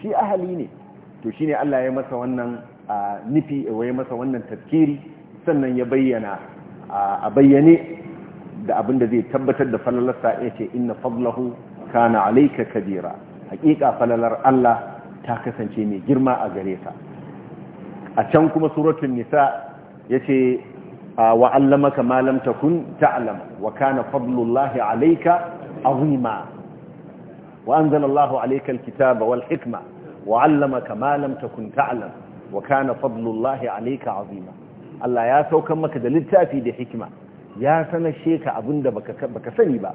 shi ahali ne to shi ne Allah ya masa wannan nufi ya masa wannan tafkiri sannan ya bayyana a bayyane da abin da zai tabbatar da falalarsa ya ce inna fadlahu kana alayka kabira haƙiƙa falalar Allah ta kasance mai girma a gare a can kuma suratul nisa yace wa allamaka ma lam takun ta'lam wa kana fadlullahi alayka azima wa anzala alayka alkitaba wal hikma wa allamaka ma lam takun ta'lam wa kana fadlullahi alayka azima Allah ya saukar maka da littafi da hikima ya sanashe ka abinda baka sani ba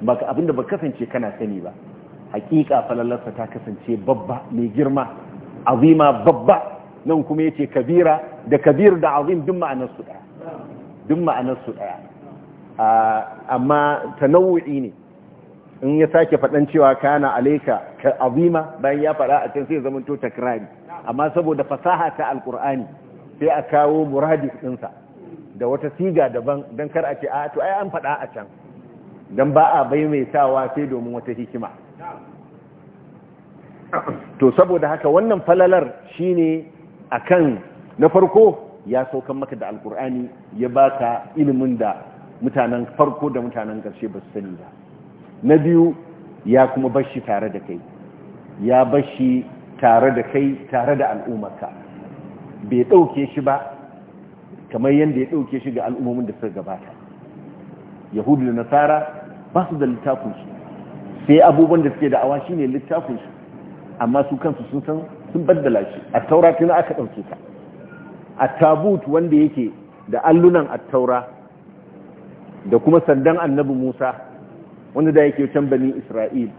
baka abinda baka kasance kana sani ba hakika falalarsa ta kasance babba mai girma azima babba nan kuma yace kabira da kabir da azim duk ma'anar su daya duk ma'anar su daya amma nau'i ne in ya sake fadan cewa kana alayka ka azima bayan ya fada a can sai zamanto takrari amma saboda fasaha ta alqur'ani sai a kawo muradi dinsa da wata siga daban don kar a ce a to ai an faɗa a can don ba a bai mai sawa sai domin wata hikima to saboda haka wannan falalar shi shine akan na farko ya saukan maka da alkur'ani ya baka ilimin da mutanen farko da mutanen ƙarshe ba su sani ba na biyu ya kuma bashi tare da kai ya bashi tare da kai tare da al'ummarka bai ɗauke shi ba kamar yadda ya ɗauke shi ga al'ummomin da suka gabata yahudu da nasara ba su da littafinsu sai abubuwan da suke da'awa shi ne littafinsu amma su kansu sun san sun baddala shi a taura tuna aka ɗauke ta a tabut wanda yake da allunan a taura da kuma sandan annabi musa wanda da yake can bani isra'il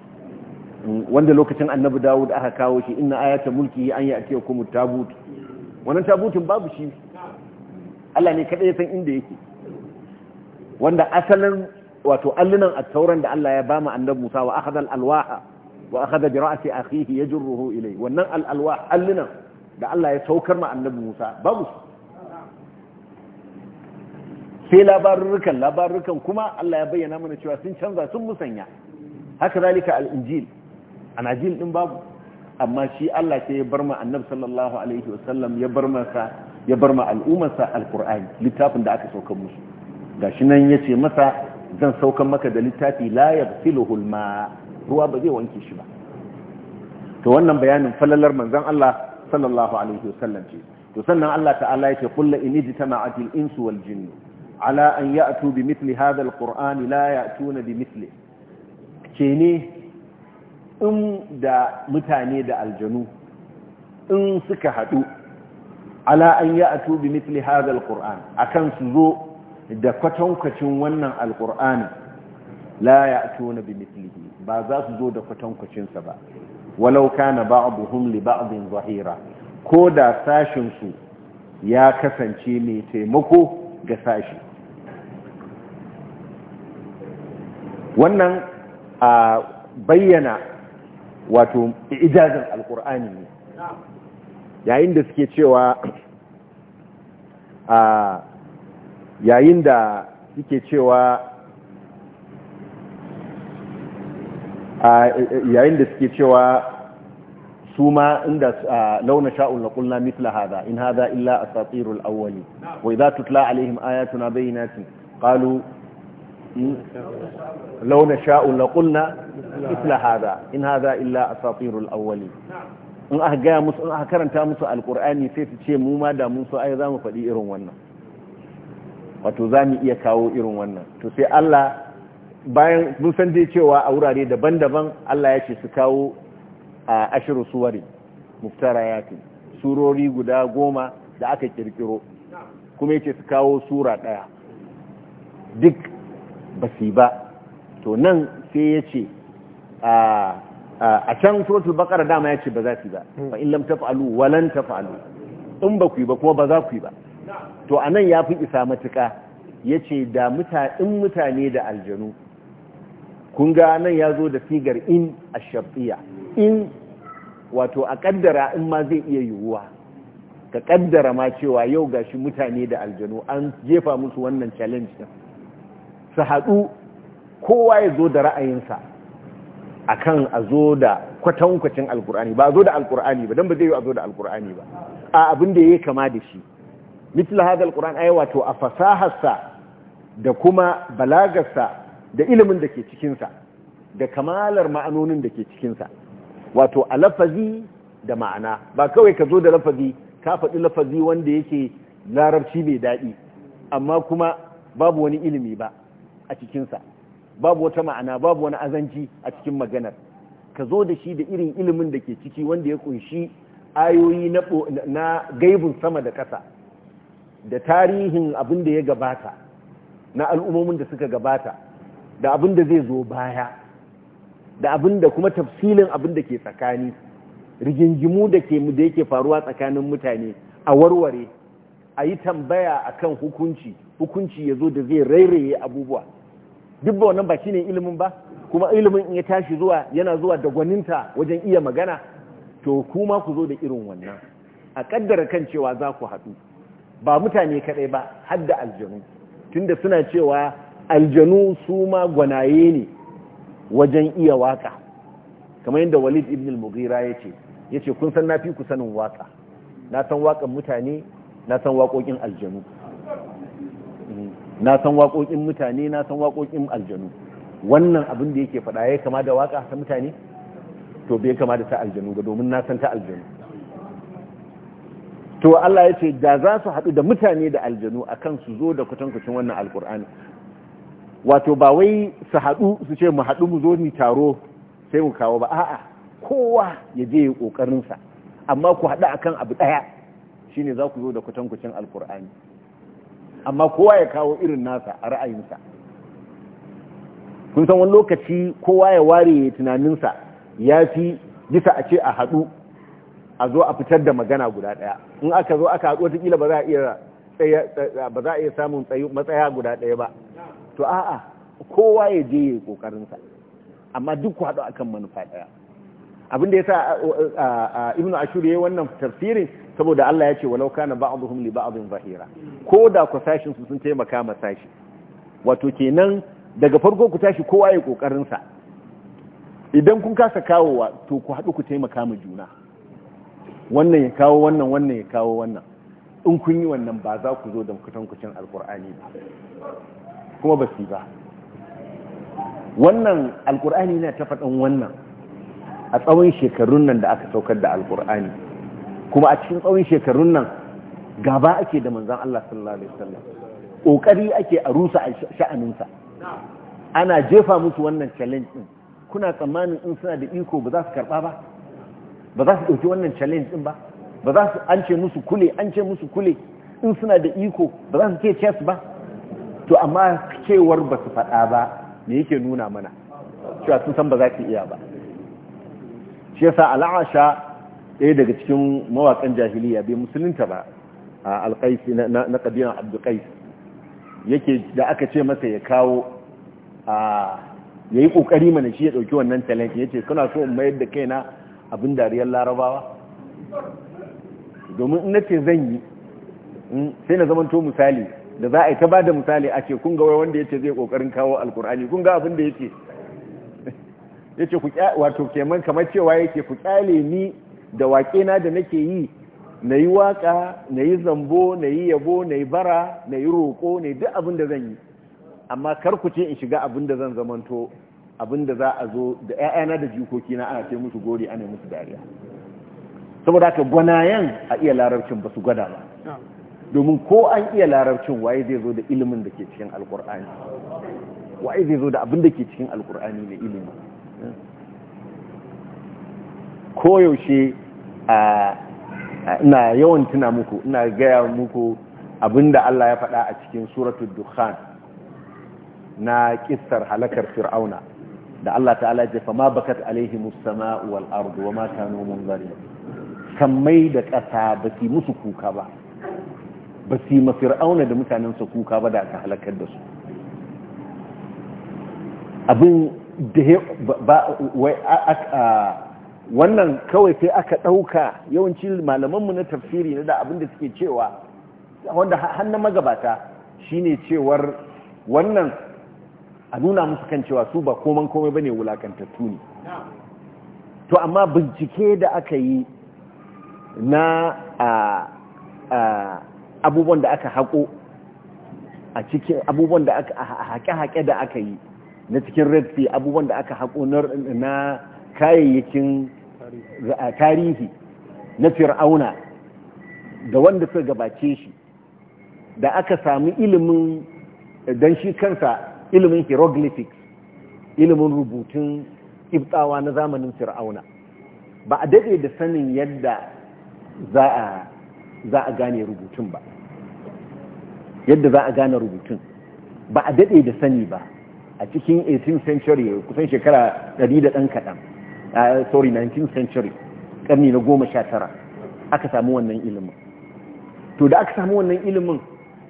wanda lokacin annabi dawud aka kawo shi ina ayata mulki an yi a ce kuma tabut wannan tabutin babu shi Allah ne kaɗai ya san inda yake wanda asalin wato allunan attauran da Allah ya ba mu annabi Musa wa akhadha al-alwaha wa akhadha bi ra'si akhihi yajruhu ilayhi wannan al-alwah allunan da Allah ya saukar ma annabi Musa babu su sai labarurukan labarurukan kuma Allah ya bayyana mana cewa sun canza sun musanya haka zalika al-injil anajil din babu amma shi Allah sai ya bar ma annabi sallallahu alaihi wasallam ya bar masa ya bar ma al'ummarsa alkur'ani littafin da aka sauka musu gashi nan ya ce masa zan sauka maka da littafi la yaghsiluhu ma ruwa ba zai wanke shi ba to wannan bayanin falalar manzon Allah sallallahu alaihi wasallam ce to sannan Allah ta'ala yake kullu in ijtama'at al-insu wal jinn ala an ya'tu bi mithli hadha al-qur'an la ya'tuna bi mithli ce ne in da mutane da aljanu in suka hadu ala an ya'tu bi mithli hadha alquran akan su zo da kwatankwacin wannan alqur'ani la ya'tuna bi mithlihi ba za su zo da kwatankwacin sa ba walau kana ba'dhum li zahira ko da sashin su ya kasance mai taimako ga sashi wannan a bayyana wato ijazin alqur'ani ne yayin da suke cewa a yayin da suke cewa a yayin da suke cewa su ma inda launa sha'un la qulna mithla hada in hada illa asatirul awwali wa idza tutla alaihim ayatuna bayyinatin qalu hmm, launa sha'un la qulna mithla hada in hada illa asatirul awwali in aka gaya musu in aka karanta musu alkur'ani sai su ce mu ma da mun so ai za mu faɗi irin wannan wato za mu iya kawo irin wannan to sai Allah bayan mun san dai cewa a wurare daban-daban Allah ya ce su kawo a ashiru suwari muftarayati surori guda goma da aka kirkiro kuma ya ce su kawo sura ɗaya duk basi ba to nan sai ya ce a a can suratul baqara dama yace ba za su ba hmm. fa in lam taf'alu wa lan taf'alu in ba ku yi ba kuma ba za ku yi ba to anan yafi isa matuka yace da in mutane da aljanu kun ga nan zo da sigar in ashabiyya in wato a kaddara in ma zai iya yiwuwa ka kaddara ma cewa yau ga shi mutane da aljanu an jefa musu wannan challenge din su haɗu kowa ya zo da ra'ayinsa akan a zo da kwatankwacin alkur'ani ba a zo da alkur'ani ba don ba zai yi a zo da alkur'ani ba a abin da ya kama da shi mitla haɗa alkur'an ayyawa wato a fasaharsa da kuma balagarsa da ilimin da ke cikinsa da kamalar ma'anonin da ke cikinsa wato a lafazi da ma'ana ba kawai ka zo da lafazi ka faɗi lafazi wanda yake larabci mai daɗi amma kuma babu wani ilimi ba a cikinsa babu wata ma'ana babu wani azanci a cikin maganar ka zo da shi da irin ilimin da ke ciki wanda ya kunshi ayoyi na gaibun sama da ƙasa da tarihin abin da ya gabata na al'ummomin da suka gabata da abin da zai zo baya da abin da kuma tafsilin abin da ke tsakani rigingimu da ke da yake faruwa tsakanin mutane a warware a yi tambaya akan hukunci hukunci ya zo da zai rairaye abubuwa duk wannan ba shine ilimin ba kuma ilimin in ya tashi zuwa yana zuwa da gwaninta wajen iya magana to kuma ku zo da irin wannan a kaddara kan cewa za ku haɗu ba mutane kaɗai ba har da aljanu tunda suna cewa aljanu su ma gwanaye ne wajen iya waka kamar yadda walid ibn al-mughira ya ce ya ce kun san na fi ku sanin waka na san wakan mutane na san waƙoƙin aljanu mm-hmm. na san waƙoƙin mutane na san waƙoƙin aljanu wannan abin da yake faɗa ya kama da waƙa ta mutane to bai kama da ta aljanu ga domin na san ta aljanu to Allah ya ce da za su haɗu da mutane da aljanu akan su zo da kutankucin wannan alkur'ani wato ba wai su haɗu su ce mu haɗu mu zo ni taro sai mu kawo ba a'a kowa ya je ya ƙoƙarinsa amma ku haɗu akan abu ɗaya shine za ku zo da kutankucin alkur'ani amma kowa ya kawo irin nasa a ra'ayinsa kun san wani lokaci kowa ya ware tunaninsa ya fi bisa a ce a haɗu a zo a fitar da magana guda ɗaya in aka zo aka haɗu watakila ba za a iya samun matsaya guda ɗaya ba to a'a kowa ya je ya yi ƙoƙarinsa amma duk haɗu akan manufa ɗaya abinda sa uh, uh, uh, ibn ashur yayi wannan tafsirin saboda Allah ya ce walau kana ba'dhum li ba'dhin zahira ko da ku sashin su sun taimaka ma sashi wato kenan daga farko ku tashi kowa ya kokarin sa idan kun kasa kawowa to ku haɗu ku taimaka ma juna wannan ya kawo wannan wannan ya kawo wannan in kun yi wannan ba za ku zo da kutankucin alkur'ani ba kuma ba su ba wannan alkur'ani na ta faɗin wannan a tsawon shekarun nan da aka saukar da alkur'ani kuma a cikin tsawon shekarun nan gaba ake da manzan Allah sallallahu alaihi wasallam kokari ake a rusa a sha'aninsa ana jefa musu wannan challenge din kuna tsammanin in suna da iko ba za su karba ba ba za su dauki wannan challenge din ba ba za su an ce musu kule an ce musu kule in suna da iko ba za su ke chess ba to amma cewar ba su faɗa ba me yake nuna mana cewa sun san ba za su iya ba shi yasa al'asha ɗaya daga cikin mawaƙan jahiliya bai musulunta ba a alƙaisi na ƙabilan abdulkais yake da aka ce masa ya kawo a ya yi ƙoƙari mana shi ya ɗauki wannan talent ya ce kuna so in mayar da kaina abin dariyar larabawa domin in na ce zan yi sai na zamanto misali da za a yi ta ba da misali a ce kun ga wanda ya ce zai ƙoƙarin kawo alƙur'ani kun ga abin da ya ce ya ce wato keman kamar cewa yake ku kyale ni da wake na da nake yi na yi waka na yi zambo na yi yabo na yi bara na yi roƙo na yi duk abin da zan yi amma kar ce in shiga abin da zan zamanto abin da za a zo da 'ya'yana da jikokina ana ce musu gori ana musu dariya saboda haka gwanayen a iya larabcin ba su gwada ba domin ko an iya larabcin waye zai zo da ilimin da ke cikin alkur'ani waye zai zo da abin da ke cikin alkur'ani mai ilimi koyaushe ina yawan tuna muku ina gaya muku abinda Allah ya faɗa a cikin suratul dukhan na kissar halakar fir'auna da Allah ta'ala ya fa ma bakat alaihi musama'u wal ardu wa ma kanu munzari sammai da ƙasa ba su musu kuka ba ba su ma fir'auna da mutanen su kuka ba da aka halakar da su abin da ba wai wannan kawai sai aka ɗauka yawanci malamanmu na tafsiri na da abinda suke cewa wanda hannun magabata shine cewar wannan a nuna musu kan cewa su ba koman komai ba ne wulakantattu ne to amma bincike da aka yi na abubuwan da aka haƙo a cikin abubuwan da aka haƙe-haƙe da aka yi na cikin red sea abubuwan da aka haƙo na kayayyakin tarihi na fir'auna da wanda suka gabace shi da aka sami ilimin don shi kansa ilimin hieroglyphics ilimin rubutun ibtawa na zamanin fir'auna ba a daɗe da sanin yadda za a gane rubutun ba yadda za a gane rubutun ba a daɗe da sani ba a cikin 18th century kusan shekara 100 da ɗan kaɗan sorry 19th century karni na goma sha tara aka samu wannan ilimin to da aka samu wannan ilimin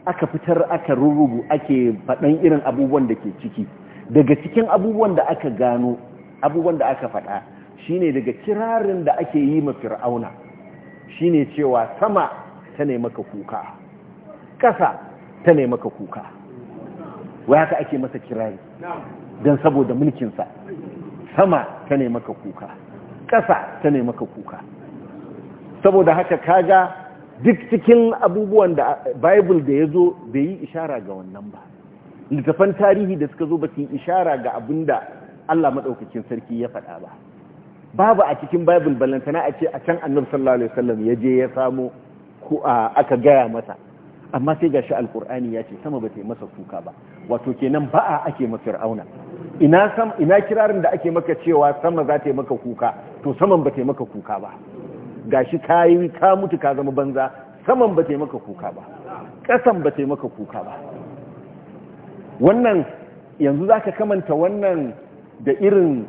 aka fitar aka rurrugu ake faɗan irin abubuwan da ke ciki daga cikin abubuwan da aka gano abubuwan da aka faɗa shine daga kirarin da ake yi ma fir'auna shine cewa sama ta ne maka kuka ƙasa ta ne maka kuka wai haka ake masa kirari don saboda mulkinsa sama ta ne maka kuka ƙasa ta ne maka kuka saboda haka kaga duk cikin abubuwan da bible da ya zo bai yi ishara ga wannan ba littafan tarihi da suka zo ba su yi ishara ga abin da allah maɗaukacin sarki ya faɗa ba babu a cikin bible balantana a ce a can annabi sallallahu alaihi wasallam ya je ya samo aka gaya masa amma sai gashi alkur'ani ya ce sama ba ta yi masa kuka ba wato kenan ba'a ake ma fir'auna ina sam ina kirarin da ake maka cewa sama za ta yi maka kuka to saman ba ta yi maka kuka ba gashi ka ka mutu ka zama banza saman ba ta yi maka kuka ba kasan ba ta yi maka kuka ba wannan yanzu za ka kamanta wannan da irin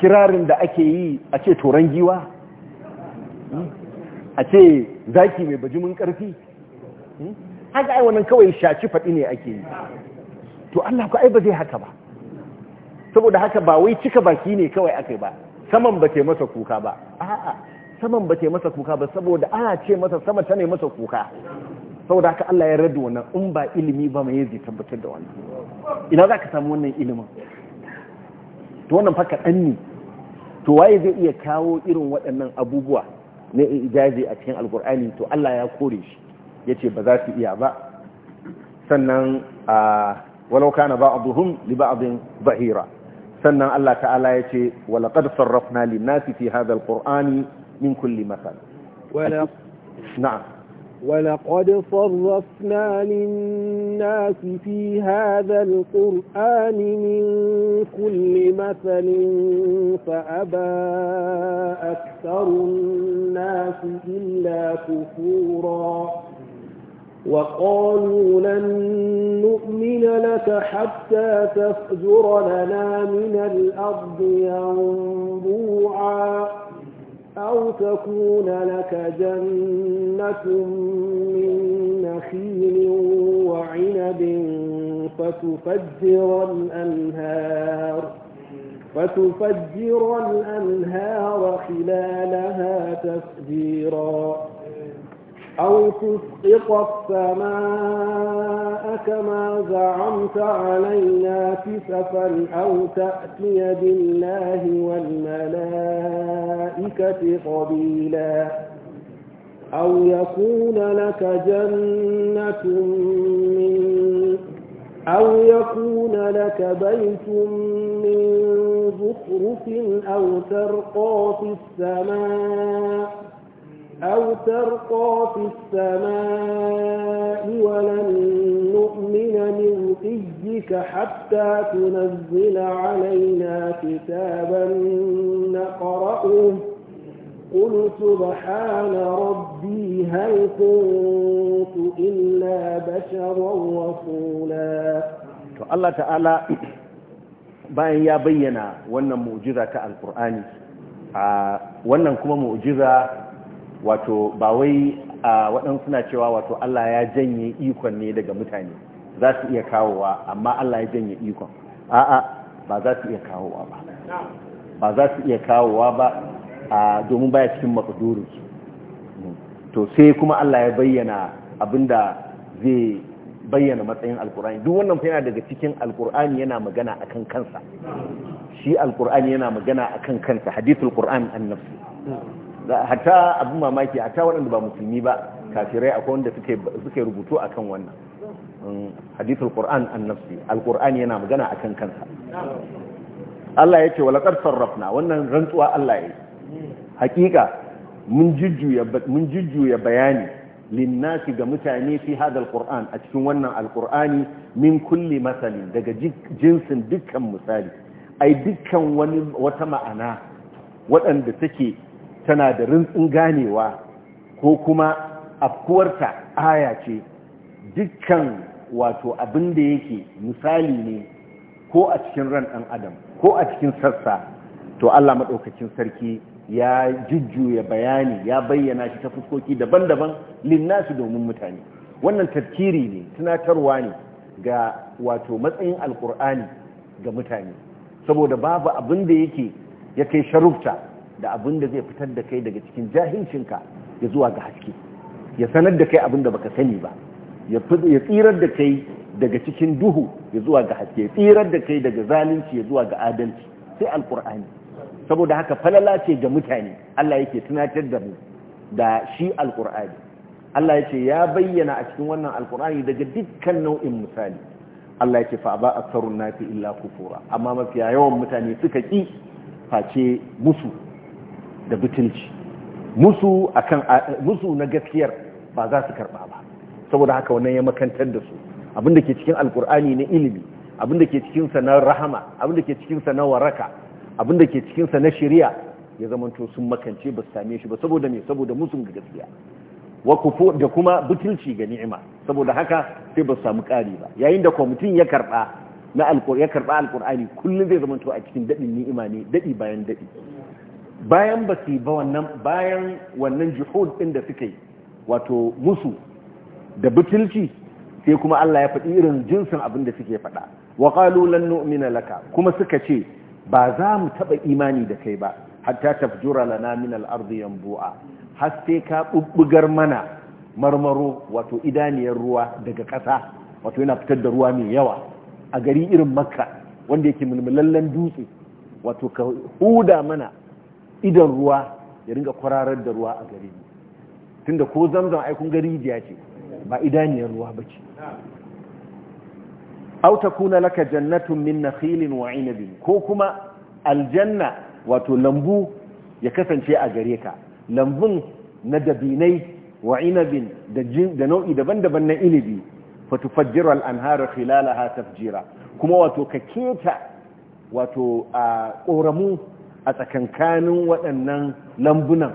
kirarin da ake yi a ce toron giwa hmm? a ce zaki mai bajimin ƙarfi hmm? haka ai wannan kawai shaci faɗi ne ake yi to Allah ku ai ba zai haka ba saboda haka ba wai cika baki ne kawai akai ba saman ba ce masa kuka ba a'a saman ba ce masa kuka ba saboda ana ce masa sama ta ne masa kuka saboda haka Allah ya rada wannan in ba ilimi ba mai zai tabbatar da wannan ina za ka samu wannan ilimin to wannan fa kaɗan ne to waye zai iya kawo irin waɗannan abubuwa na ijazi a cikin alkur'ani to Allah ya kore shi ya ce ba za su iya ba sannan a ah, ولو كان بعضهم لبعض ظهيرا سنة الله تعالى يتي ولقد صرفنا للناس في هذا القرآن من كل مثل ولا نعم ولقد صرفنا للناس في هذا القرآن من كل مثل فأبى أكثر الناس إلا كفوراً وقالوا لن نؤمن لك حتى تفجر لنا من الأرض ينبوعا أو تكون لك جنة من نخيل وعنب فتفجر الأنهار فتفجر الأنهار خلالها تفجيرا أو تسقط السماء كما زعمت علينا كسفا أو تأتي بالله والملائكة قبيلا أو يكون لك جنة من أو يكون لك بيت من زخرف أو ترقى في السماء أو ترقى في السماء ولن نؤمن من قيك حتى تنزل علينا كتابا نقرأه قل سبحان ربي هل كنت إلا بشرا رسولا الله تعالى bayan ya bayyana wannan mu'jiza ta alkur'ani a wannan kuma mu'jiza wato ba wai a waɗansu na cewa wato Allah ya janye ikon ne daga mutane za su iya kawowa amma Allah ya janye ikon a'a ba za su iya kawowa ba ba za su iya kawowa ba domin baya cikin makadurinsu to sai kuma Allah ya bayyana abinda zai bayyana matsayin alkur'ani duk wannan yana daga cikin alkur'ani yana magana akan kansa shi alkur'ani yana magana akan kansa hadithul qur'an an-nafsi Hata abin mamaki hatta waɗanda ba musulmi ba kafirai akwai wanda suke rubutu akan wannan mm, hadithul qur'an an-nafsi al-qur'an yana magana a kan kansa Allah ya ce wa laqad sarrafna wannan rantsuwa Allah ya yi hakika mun jujjuya bayani linnasi ga mutane fi hadal qur'an a cikin wannan al-qur'ani min kulle masalin daga jinsin dukkan misali ai dukkan wani wata ma'ana waɗanda take tana da rintsin ganewa ko kuma afkuwarta aya ce dukkan wato abin da yake misali ne ko a cikin ran ɗan adam ko a cikin sassa to Allah maɗaukacin sarki ya jujjuya bayani ya bayyana shi ta fuskoki daban-daban linnasu domin mutane wannan tafkiri ne tunatarwa ne ga wato matsayin alkur'ani ga mutane saboda babu abin da yake ya kai sharufta da abin da zai fitar da kai daga cikin jahilcinka ya zuwa ga haske ya sanar da kai abin da baka sani ba ya tsirar da kai daga cikin duhu ya zuwa ga haske ya tsirar da kai daga zalunci ya zuwa ga adalci sai alkur'ani saboda haka falala ce ga mutane Allah yake tunatar da mu da shi alkur'ani Allah ya ce ya bayyana a cikin wannan alkur'ani daga dukkan nau'in misali Allah ya ce fa ba aktharun nafi illa kufura amma mafiya yawan mutane suka ki face musu da butunci musu musu na gaskiyar ba za su karba ba saboda haka wannan ya makantar da su abinda ke cikin alkur'ani na ilimi abinda ke cikin sa na rahama abinda ke cikin sa na waraka abinda ke cikin sa na shari'a ya zamanto sun makance ba su same shi ba saboda me saboda musun ga gaskiya wa kufu da kuma butulci ga ni'ima saboda haka sai ba su samu ƙari ba yayin da kwamitin ya karba na alkur'ani ya karba alkur'ani kullum zai zamanto a cikin dadin ni'ima ne dadi bayan dadi bayan ba su ba wannan bayan wannan juhud ɗin da suka yi wato musu da butulci sai kuma Allah ya faɗi irin jinsin abin da suke faɗa wa qalu lan nu'mina laka kuma suka ce ba za mu taɓa imani da kai ba hatta tafjura lana min al-ardi yanbu'a har sai ka bubbugar mana marmaro wato idaniyar ruwa daga ƙasa wato yana fitar da ruwa mai yawa a gari irin makka wanda yake mulmulallen dutse wato ka huda mana idan ruwa ya ringa kwararar da ruwa a gare ni tunda ko zamzam aikun kun gari jiya ce ba idaniyar ruwa ba ce auta takuna laka jannatun min nakhilin wa inabin ko kuma aljanna wato lambu ya kasance a gare ka lambun na dabinai wa inabin da nau'i daban-daban na inibi fatufajjiru al'anhara ha tafjira kuma wato ka keta wato a ƙoramu a tsakankanin waɗannan lambunan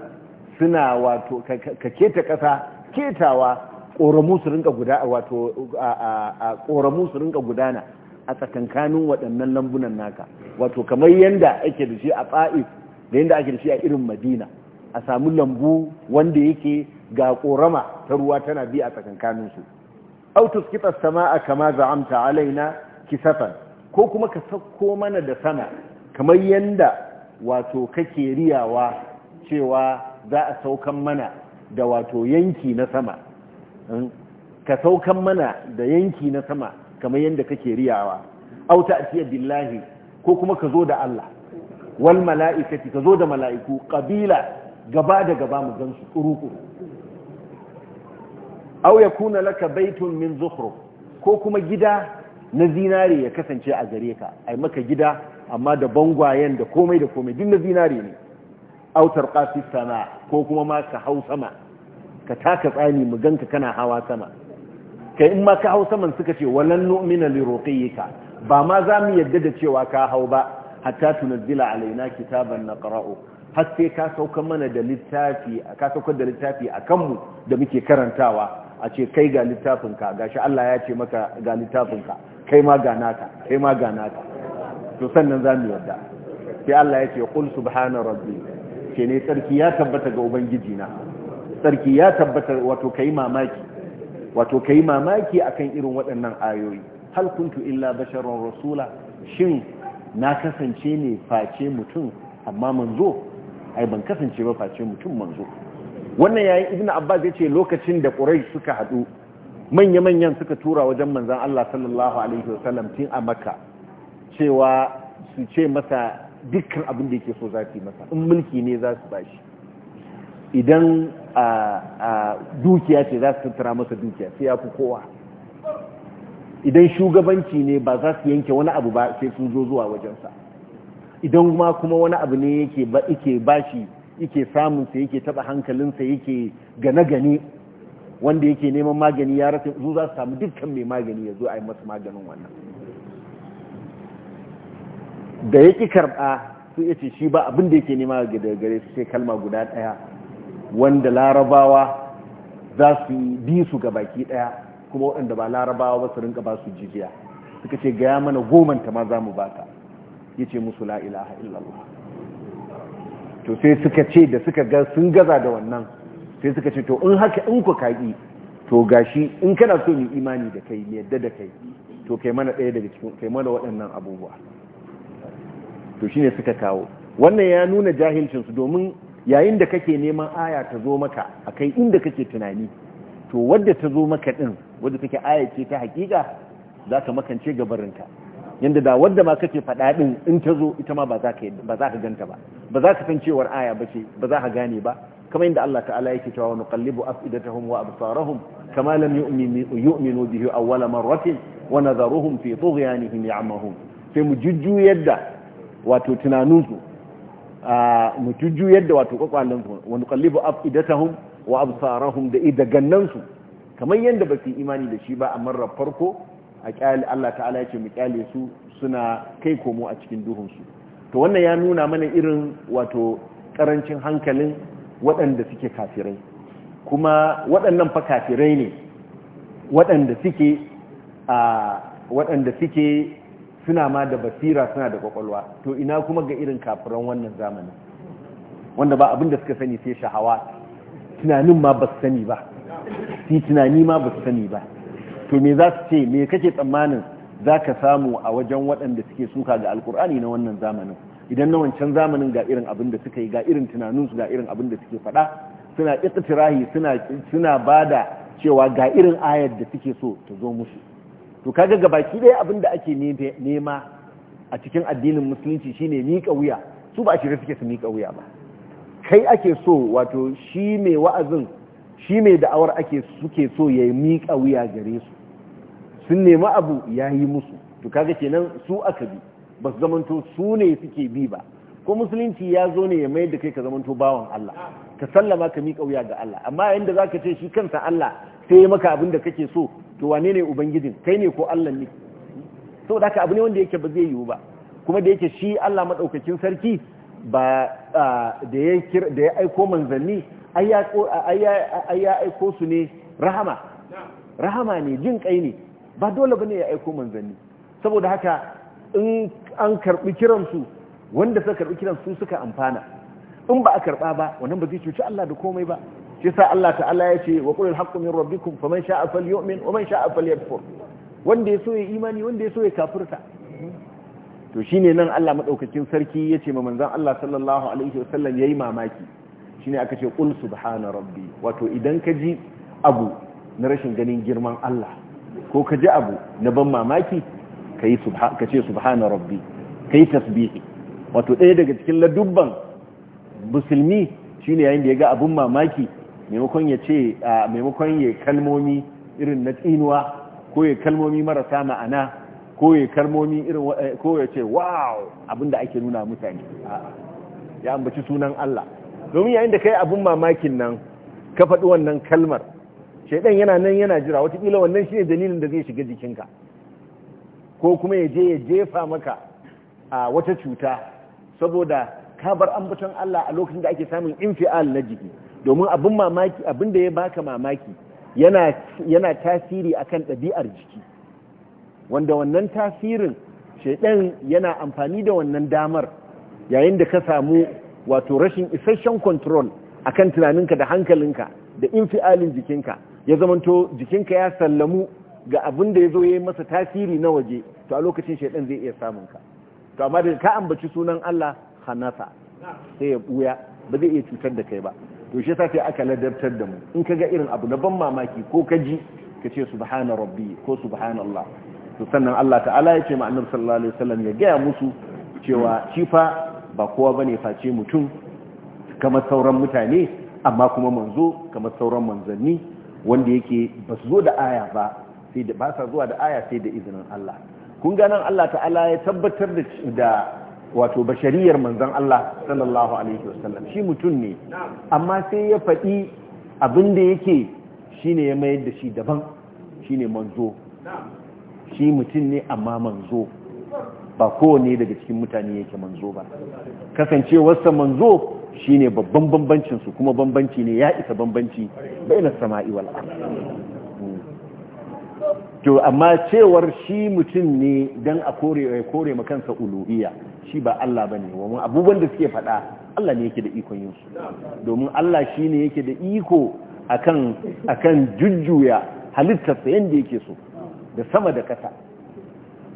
suna wato ka keta ƙasa ketawa ƙoramu su rinka guda wato a ƙoramu su rinka gudana a tsakankanin waɗannan lambunan naka wato kamar yanda ake da shi a fa'if da yadda ake da shi a irin madina a samu lambu wanda yake ga ƙorama ta ruwa tana bi a tsakankanin su autos kitsa sama a kama za'amta alaina kisafan ko kuma ka sauko mana da sama kamar yanda wato kake riyawa cewa za a saukan mana da wato yanki na sama hmm? ka saukan mana da yanki na sama kamar yadda kake riyawa au ta'tiya billahi ko kuma ka zo da Allah wal mala'ikati ka zo da mala'iku Ƙabila gaba da gaba mu gan su kuru-kuru au yakuna laka baitun min zukhruf ko kuma gida na zinare ya kasance a gare ka ai maka gida amma da bangwayen da komai da komai duk na zinare ne autar ƙafi sana ko kuma ma ka hau sama ka taka tsani mu ganka kana hawa sama kai in ma ka hau saman suka ce walan nu'mina li ruqiyika ba ma za mu yadda da cewa ka hau ba hatta tunzila alaina kitaban naqra'u har sai ka sauka mana da littafi ka saukar da littafi akan mu da muke karantawa a ce kai ga littafin ka gashi Allah ya ce maka ga littafinka kai ma ga naka kai ma ga naka to sannan za mu yarda sai Allah ya ce qul subhana rabbi ke ne tsarki ya tabbata ga ubangiji na tsarki ya tabbata wato kai mamaki wato kai mamaki akan irin waɗannan ayoyi hal kuntu illa basharun rasula shin na kasance ne face mutum amma manzo ai ban kasance ba face mutum manzo wannan yayin ibnu abbas yace lokacin da quraish suka hadu manya-manyan suka tura wajen manzan Allah sallallahu alaihi wasallam tun a makka cewa su ce masa dukkan abin da yake so za su yi masa in mulki ne za su bashi idan dukiya ce za su tattara masa dukiya sai ya fi kowa idan shugabanci ne ba za su yanke wani abu ba sai sun zo zuwa wajensa idan ma kuma wani abu ne yake bashi yake samunsa yake taba hankalinsa yake gane-gane wanda yake neman magani ya rasu su za su samu dukkan mai magani ya zo a yi masa maganin wannan da ya ƙi karɓa sun yace shi ba abin da yake nema daga gare su sai kalma guda ɗaya wanda larabawa za su bi su ga baki ɗaya kuma waɗanda ba larabawa ba su rinka ba su jijiya suka ce gaya mana goma ta ma za mu ba ta ya ce musu la ilaha illallah to sai suka ce da suka ga sun gaza da wannan sai suka ce to in haka in ku kaƙi to gashi in kana so mu imani da kai mu yadda da kai to kai mana ɗaya daga cikin kai mana waɗannan abubuwa to shine suka kawo wannan ya nuna jahilcinsu domin yayin da kake neman aya ta zo maka akai inda kake tunani to wadda ta zo maka din wadda take aya ce ta hakika za ka makance gabarinta yanda da wadda ma kake faɗa din in ta zo ita ma ba za ka ganta ba ba za ka san cewar aya ba ce ba za ka gane ba kamar inda Allah ta'ala yake cewa wa nuqallibu afidatahum wa absarahum kama lam yu'minu bihi awwala marratin wa nadharuhum fi tughyanihim ya'mahum sai mu jujjuya yadda. wato tunaninsu a jujjuyar da wato kwakwalensu wa nuqallibu afidatahum wa absarahum da idagannansu kamar yadda ba su yi imani da shi ba a marar farko a kyali Allah ta'ala ya ce mu kyale su suna kai komo a cikin duhunsu to wannan ya nuna mana irin wato karancin hankalin waɗanda suke kafirai kuma waɗannan fa kafirai ne waɗanda suke a waɗanda suke suna ma da basira suna da kwakwalwa to ina kuma ga irin kafiran wannan zamanin wanda ba abin da suka sani sai shahawa tunanin ma ba su sani ba si tunani ma ba su sani ba to me za su ce me kake tsammanin za ka samu a wajen waɗanda suke suka ga alkur'ani na wannan zamanin idan na wancan zamanin ga irin abin da suka yi ga irin tunaninsu ga irin abin da suke faɗa suna tirahi suna ba da cewa ga irin ayar da suke so ta zo musu to kaga ga baki ɗaya abin da ake nema a cikin addinin musulunci shine miƙa wuya su ba a shirye suke su miƙa wuya ba kai ake so wato shi mai wa'azin shi mai da'awar ake suke so ya miƙa wuya gare su sun nemi abu ya yi musu to kaga kenan su aka bi ba su zamanto su ne suke bi ba ko musulunci ya zo ne ya mayar da kai ka zamanto bawan Allah ka sallama ka miƙa wuya ga Allah amma yayin da zaka ce shi kansa Allah sai ya maka abin da kake so to wane ne ubangijin kai ne ko Allah ne saboda haka abu ne wanda yake ba zai yiwu ba kuma da yake shi Allah madaukakin sarki ba da ya da ya aiko manzanni ai ya aiko su ne rahama rahama ne jin kai ne ba dole bane ya aiko manzanni saboda haka in an karbi kiransu wanda suka karbi kiransu suka amfana in ba a karɓa ba wannan ba zai cuci Allah da komai ba shi sa Allah ta'ala ya ce wa qulil haqqu min rabbikum faman sha'a falyu'min wa man sha'a falyakfur wanda ya so ya imani wanda ya so ya kafirta to shine nan Allah madaukakin sarki ya ce ma manzon Allah sallallahu alaihi wa sallam yayi mamaki shine aka ce qul subhana rabbi wato idan ka ji abu na rashin ganin girman Allah ko ka ji abu na ban mamaki kai subha ka ce subhana rabbi kai tasbihi wato ɗaya daga cikin ladubban musulmi shine yayin da ya ga abun mamaki maimakon ya ce maimakon ya kalmomi irin na tsinuwa ko ya kalmomi marasa ma'ana ko ya kalmomi irin eh, ko ya ce wow abinda ake nuna mutane ya ambaci sunan Allah domin yayin da kai abun mamakin nan ka faɗi wannan kalmar shaidan yana nan yana jira watakila wannan shine dalilin da zai shiga jikinka ko kuma ya je ya jefa maka a wata cuta saboda ka bar ambaton Allah a lokacin da ake samun infial na jiki domin abin mamaki abin da ya baka mamaki yana tasiri akan ɗabi'ar jiki wanda wannan tasirin shaidan yana amfani da wannan damar yayin da ka samu wato rashin isasshen control akan tunaninka da hankalinka da infialin jikinka ya zamanto jikinka ya sallamu ga abin da ya zo ya yi masa tasiri na waje to a lokacin shaidan zai iya samun ka to amma da ka ambaci sunan Allah hanasa sai ya buya ba zai iya cutar da kai ba to shi yasa sai aka ladabtar da mu in ka ga irin abu na ban mamaki ko kaji ce subhana rabbi ko Allah to sannan Allah ta'ala ya ce ma'anar sallallahu alaihi wasallam ya gaya musu cewa shi fa ba kowa bane face mutum kamar sauran mutane amma kuma manzo kamar sauran manzanni wanda yake ba su zo da aya ba sai da ba sa zuwa da aya sai da izinin Allah kun ga Allah ta'ala ya tabbatar da wato bashariyar manzan Allah sallallahu alaihi wasallam shi mutum ne amma sai ya faɗi abin da yake shine ya mayar da shi daban shine manzo shi mutum ne amma manzo ba kowane daga cikin mutane yake manzo ba kasancewarsa manzo shine babban bambancinsu kuma bambanci ne ya isa bambanci bainas sama'i wal to amma cewar shi mutum ne don a kore kansa uluhiyya shi ba Allah bane wa abubuwan da suke fada Allah ne yake da ikon yin su domin Allah shi ne yake da iko akan akan jujjuya halittarsa yadda yake so da sama da ƙasa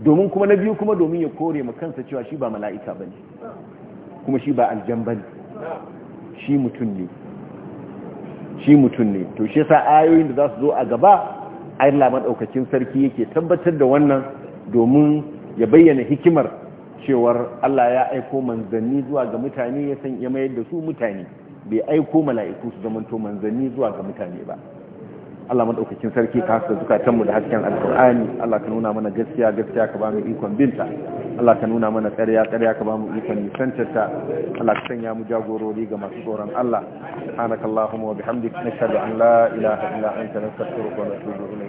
domin kuma na biyu kuma domin ya kore mu kansa cewa shi ba mala'ika bane kuma shi ba aljan bane shi mutum ne shi mutum ne to shi yasa ayoyin da za su zo a gaba ayyalla madaukakin sarki yake tabbatar da wannan domin ya bayyana hikimar cewar Allah ya aiko manzanni zuwa ga mutane ya san ya mayar da su mutane bai aiko mala'iku su zamanto manzanni zuwa ga mutane ba Allah madaukakin sarki ka haska zukatan mu da hasken alkur'ani Allah ka nuna mana gaskiya gaskiya ka ba mu ikon binta Allah ka nuna mana ƙarya ƙarya ka ba mu ikon nisantarta Allah ka sanya mu jagorori ga masu tsoron Allah subhanakallahumma wa bihamdika nashhadu an la ilaha illa anta nastaghfiruka wa natubu ilayk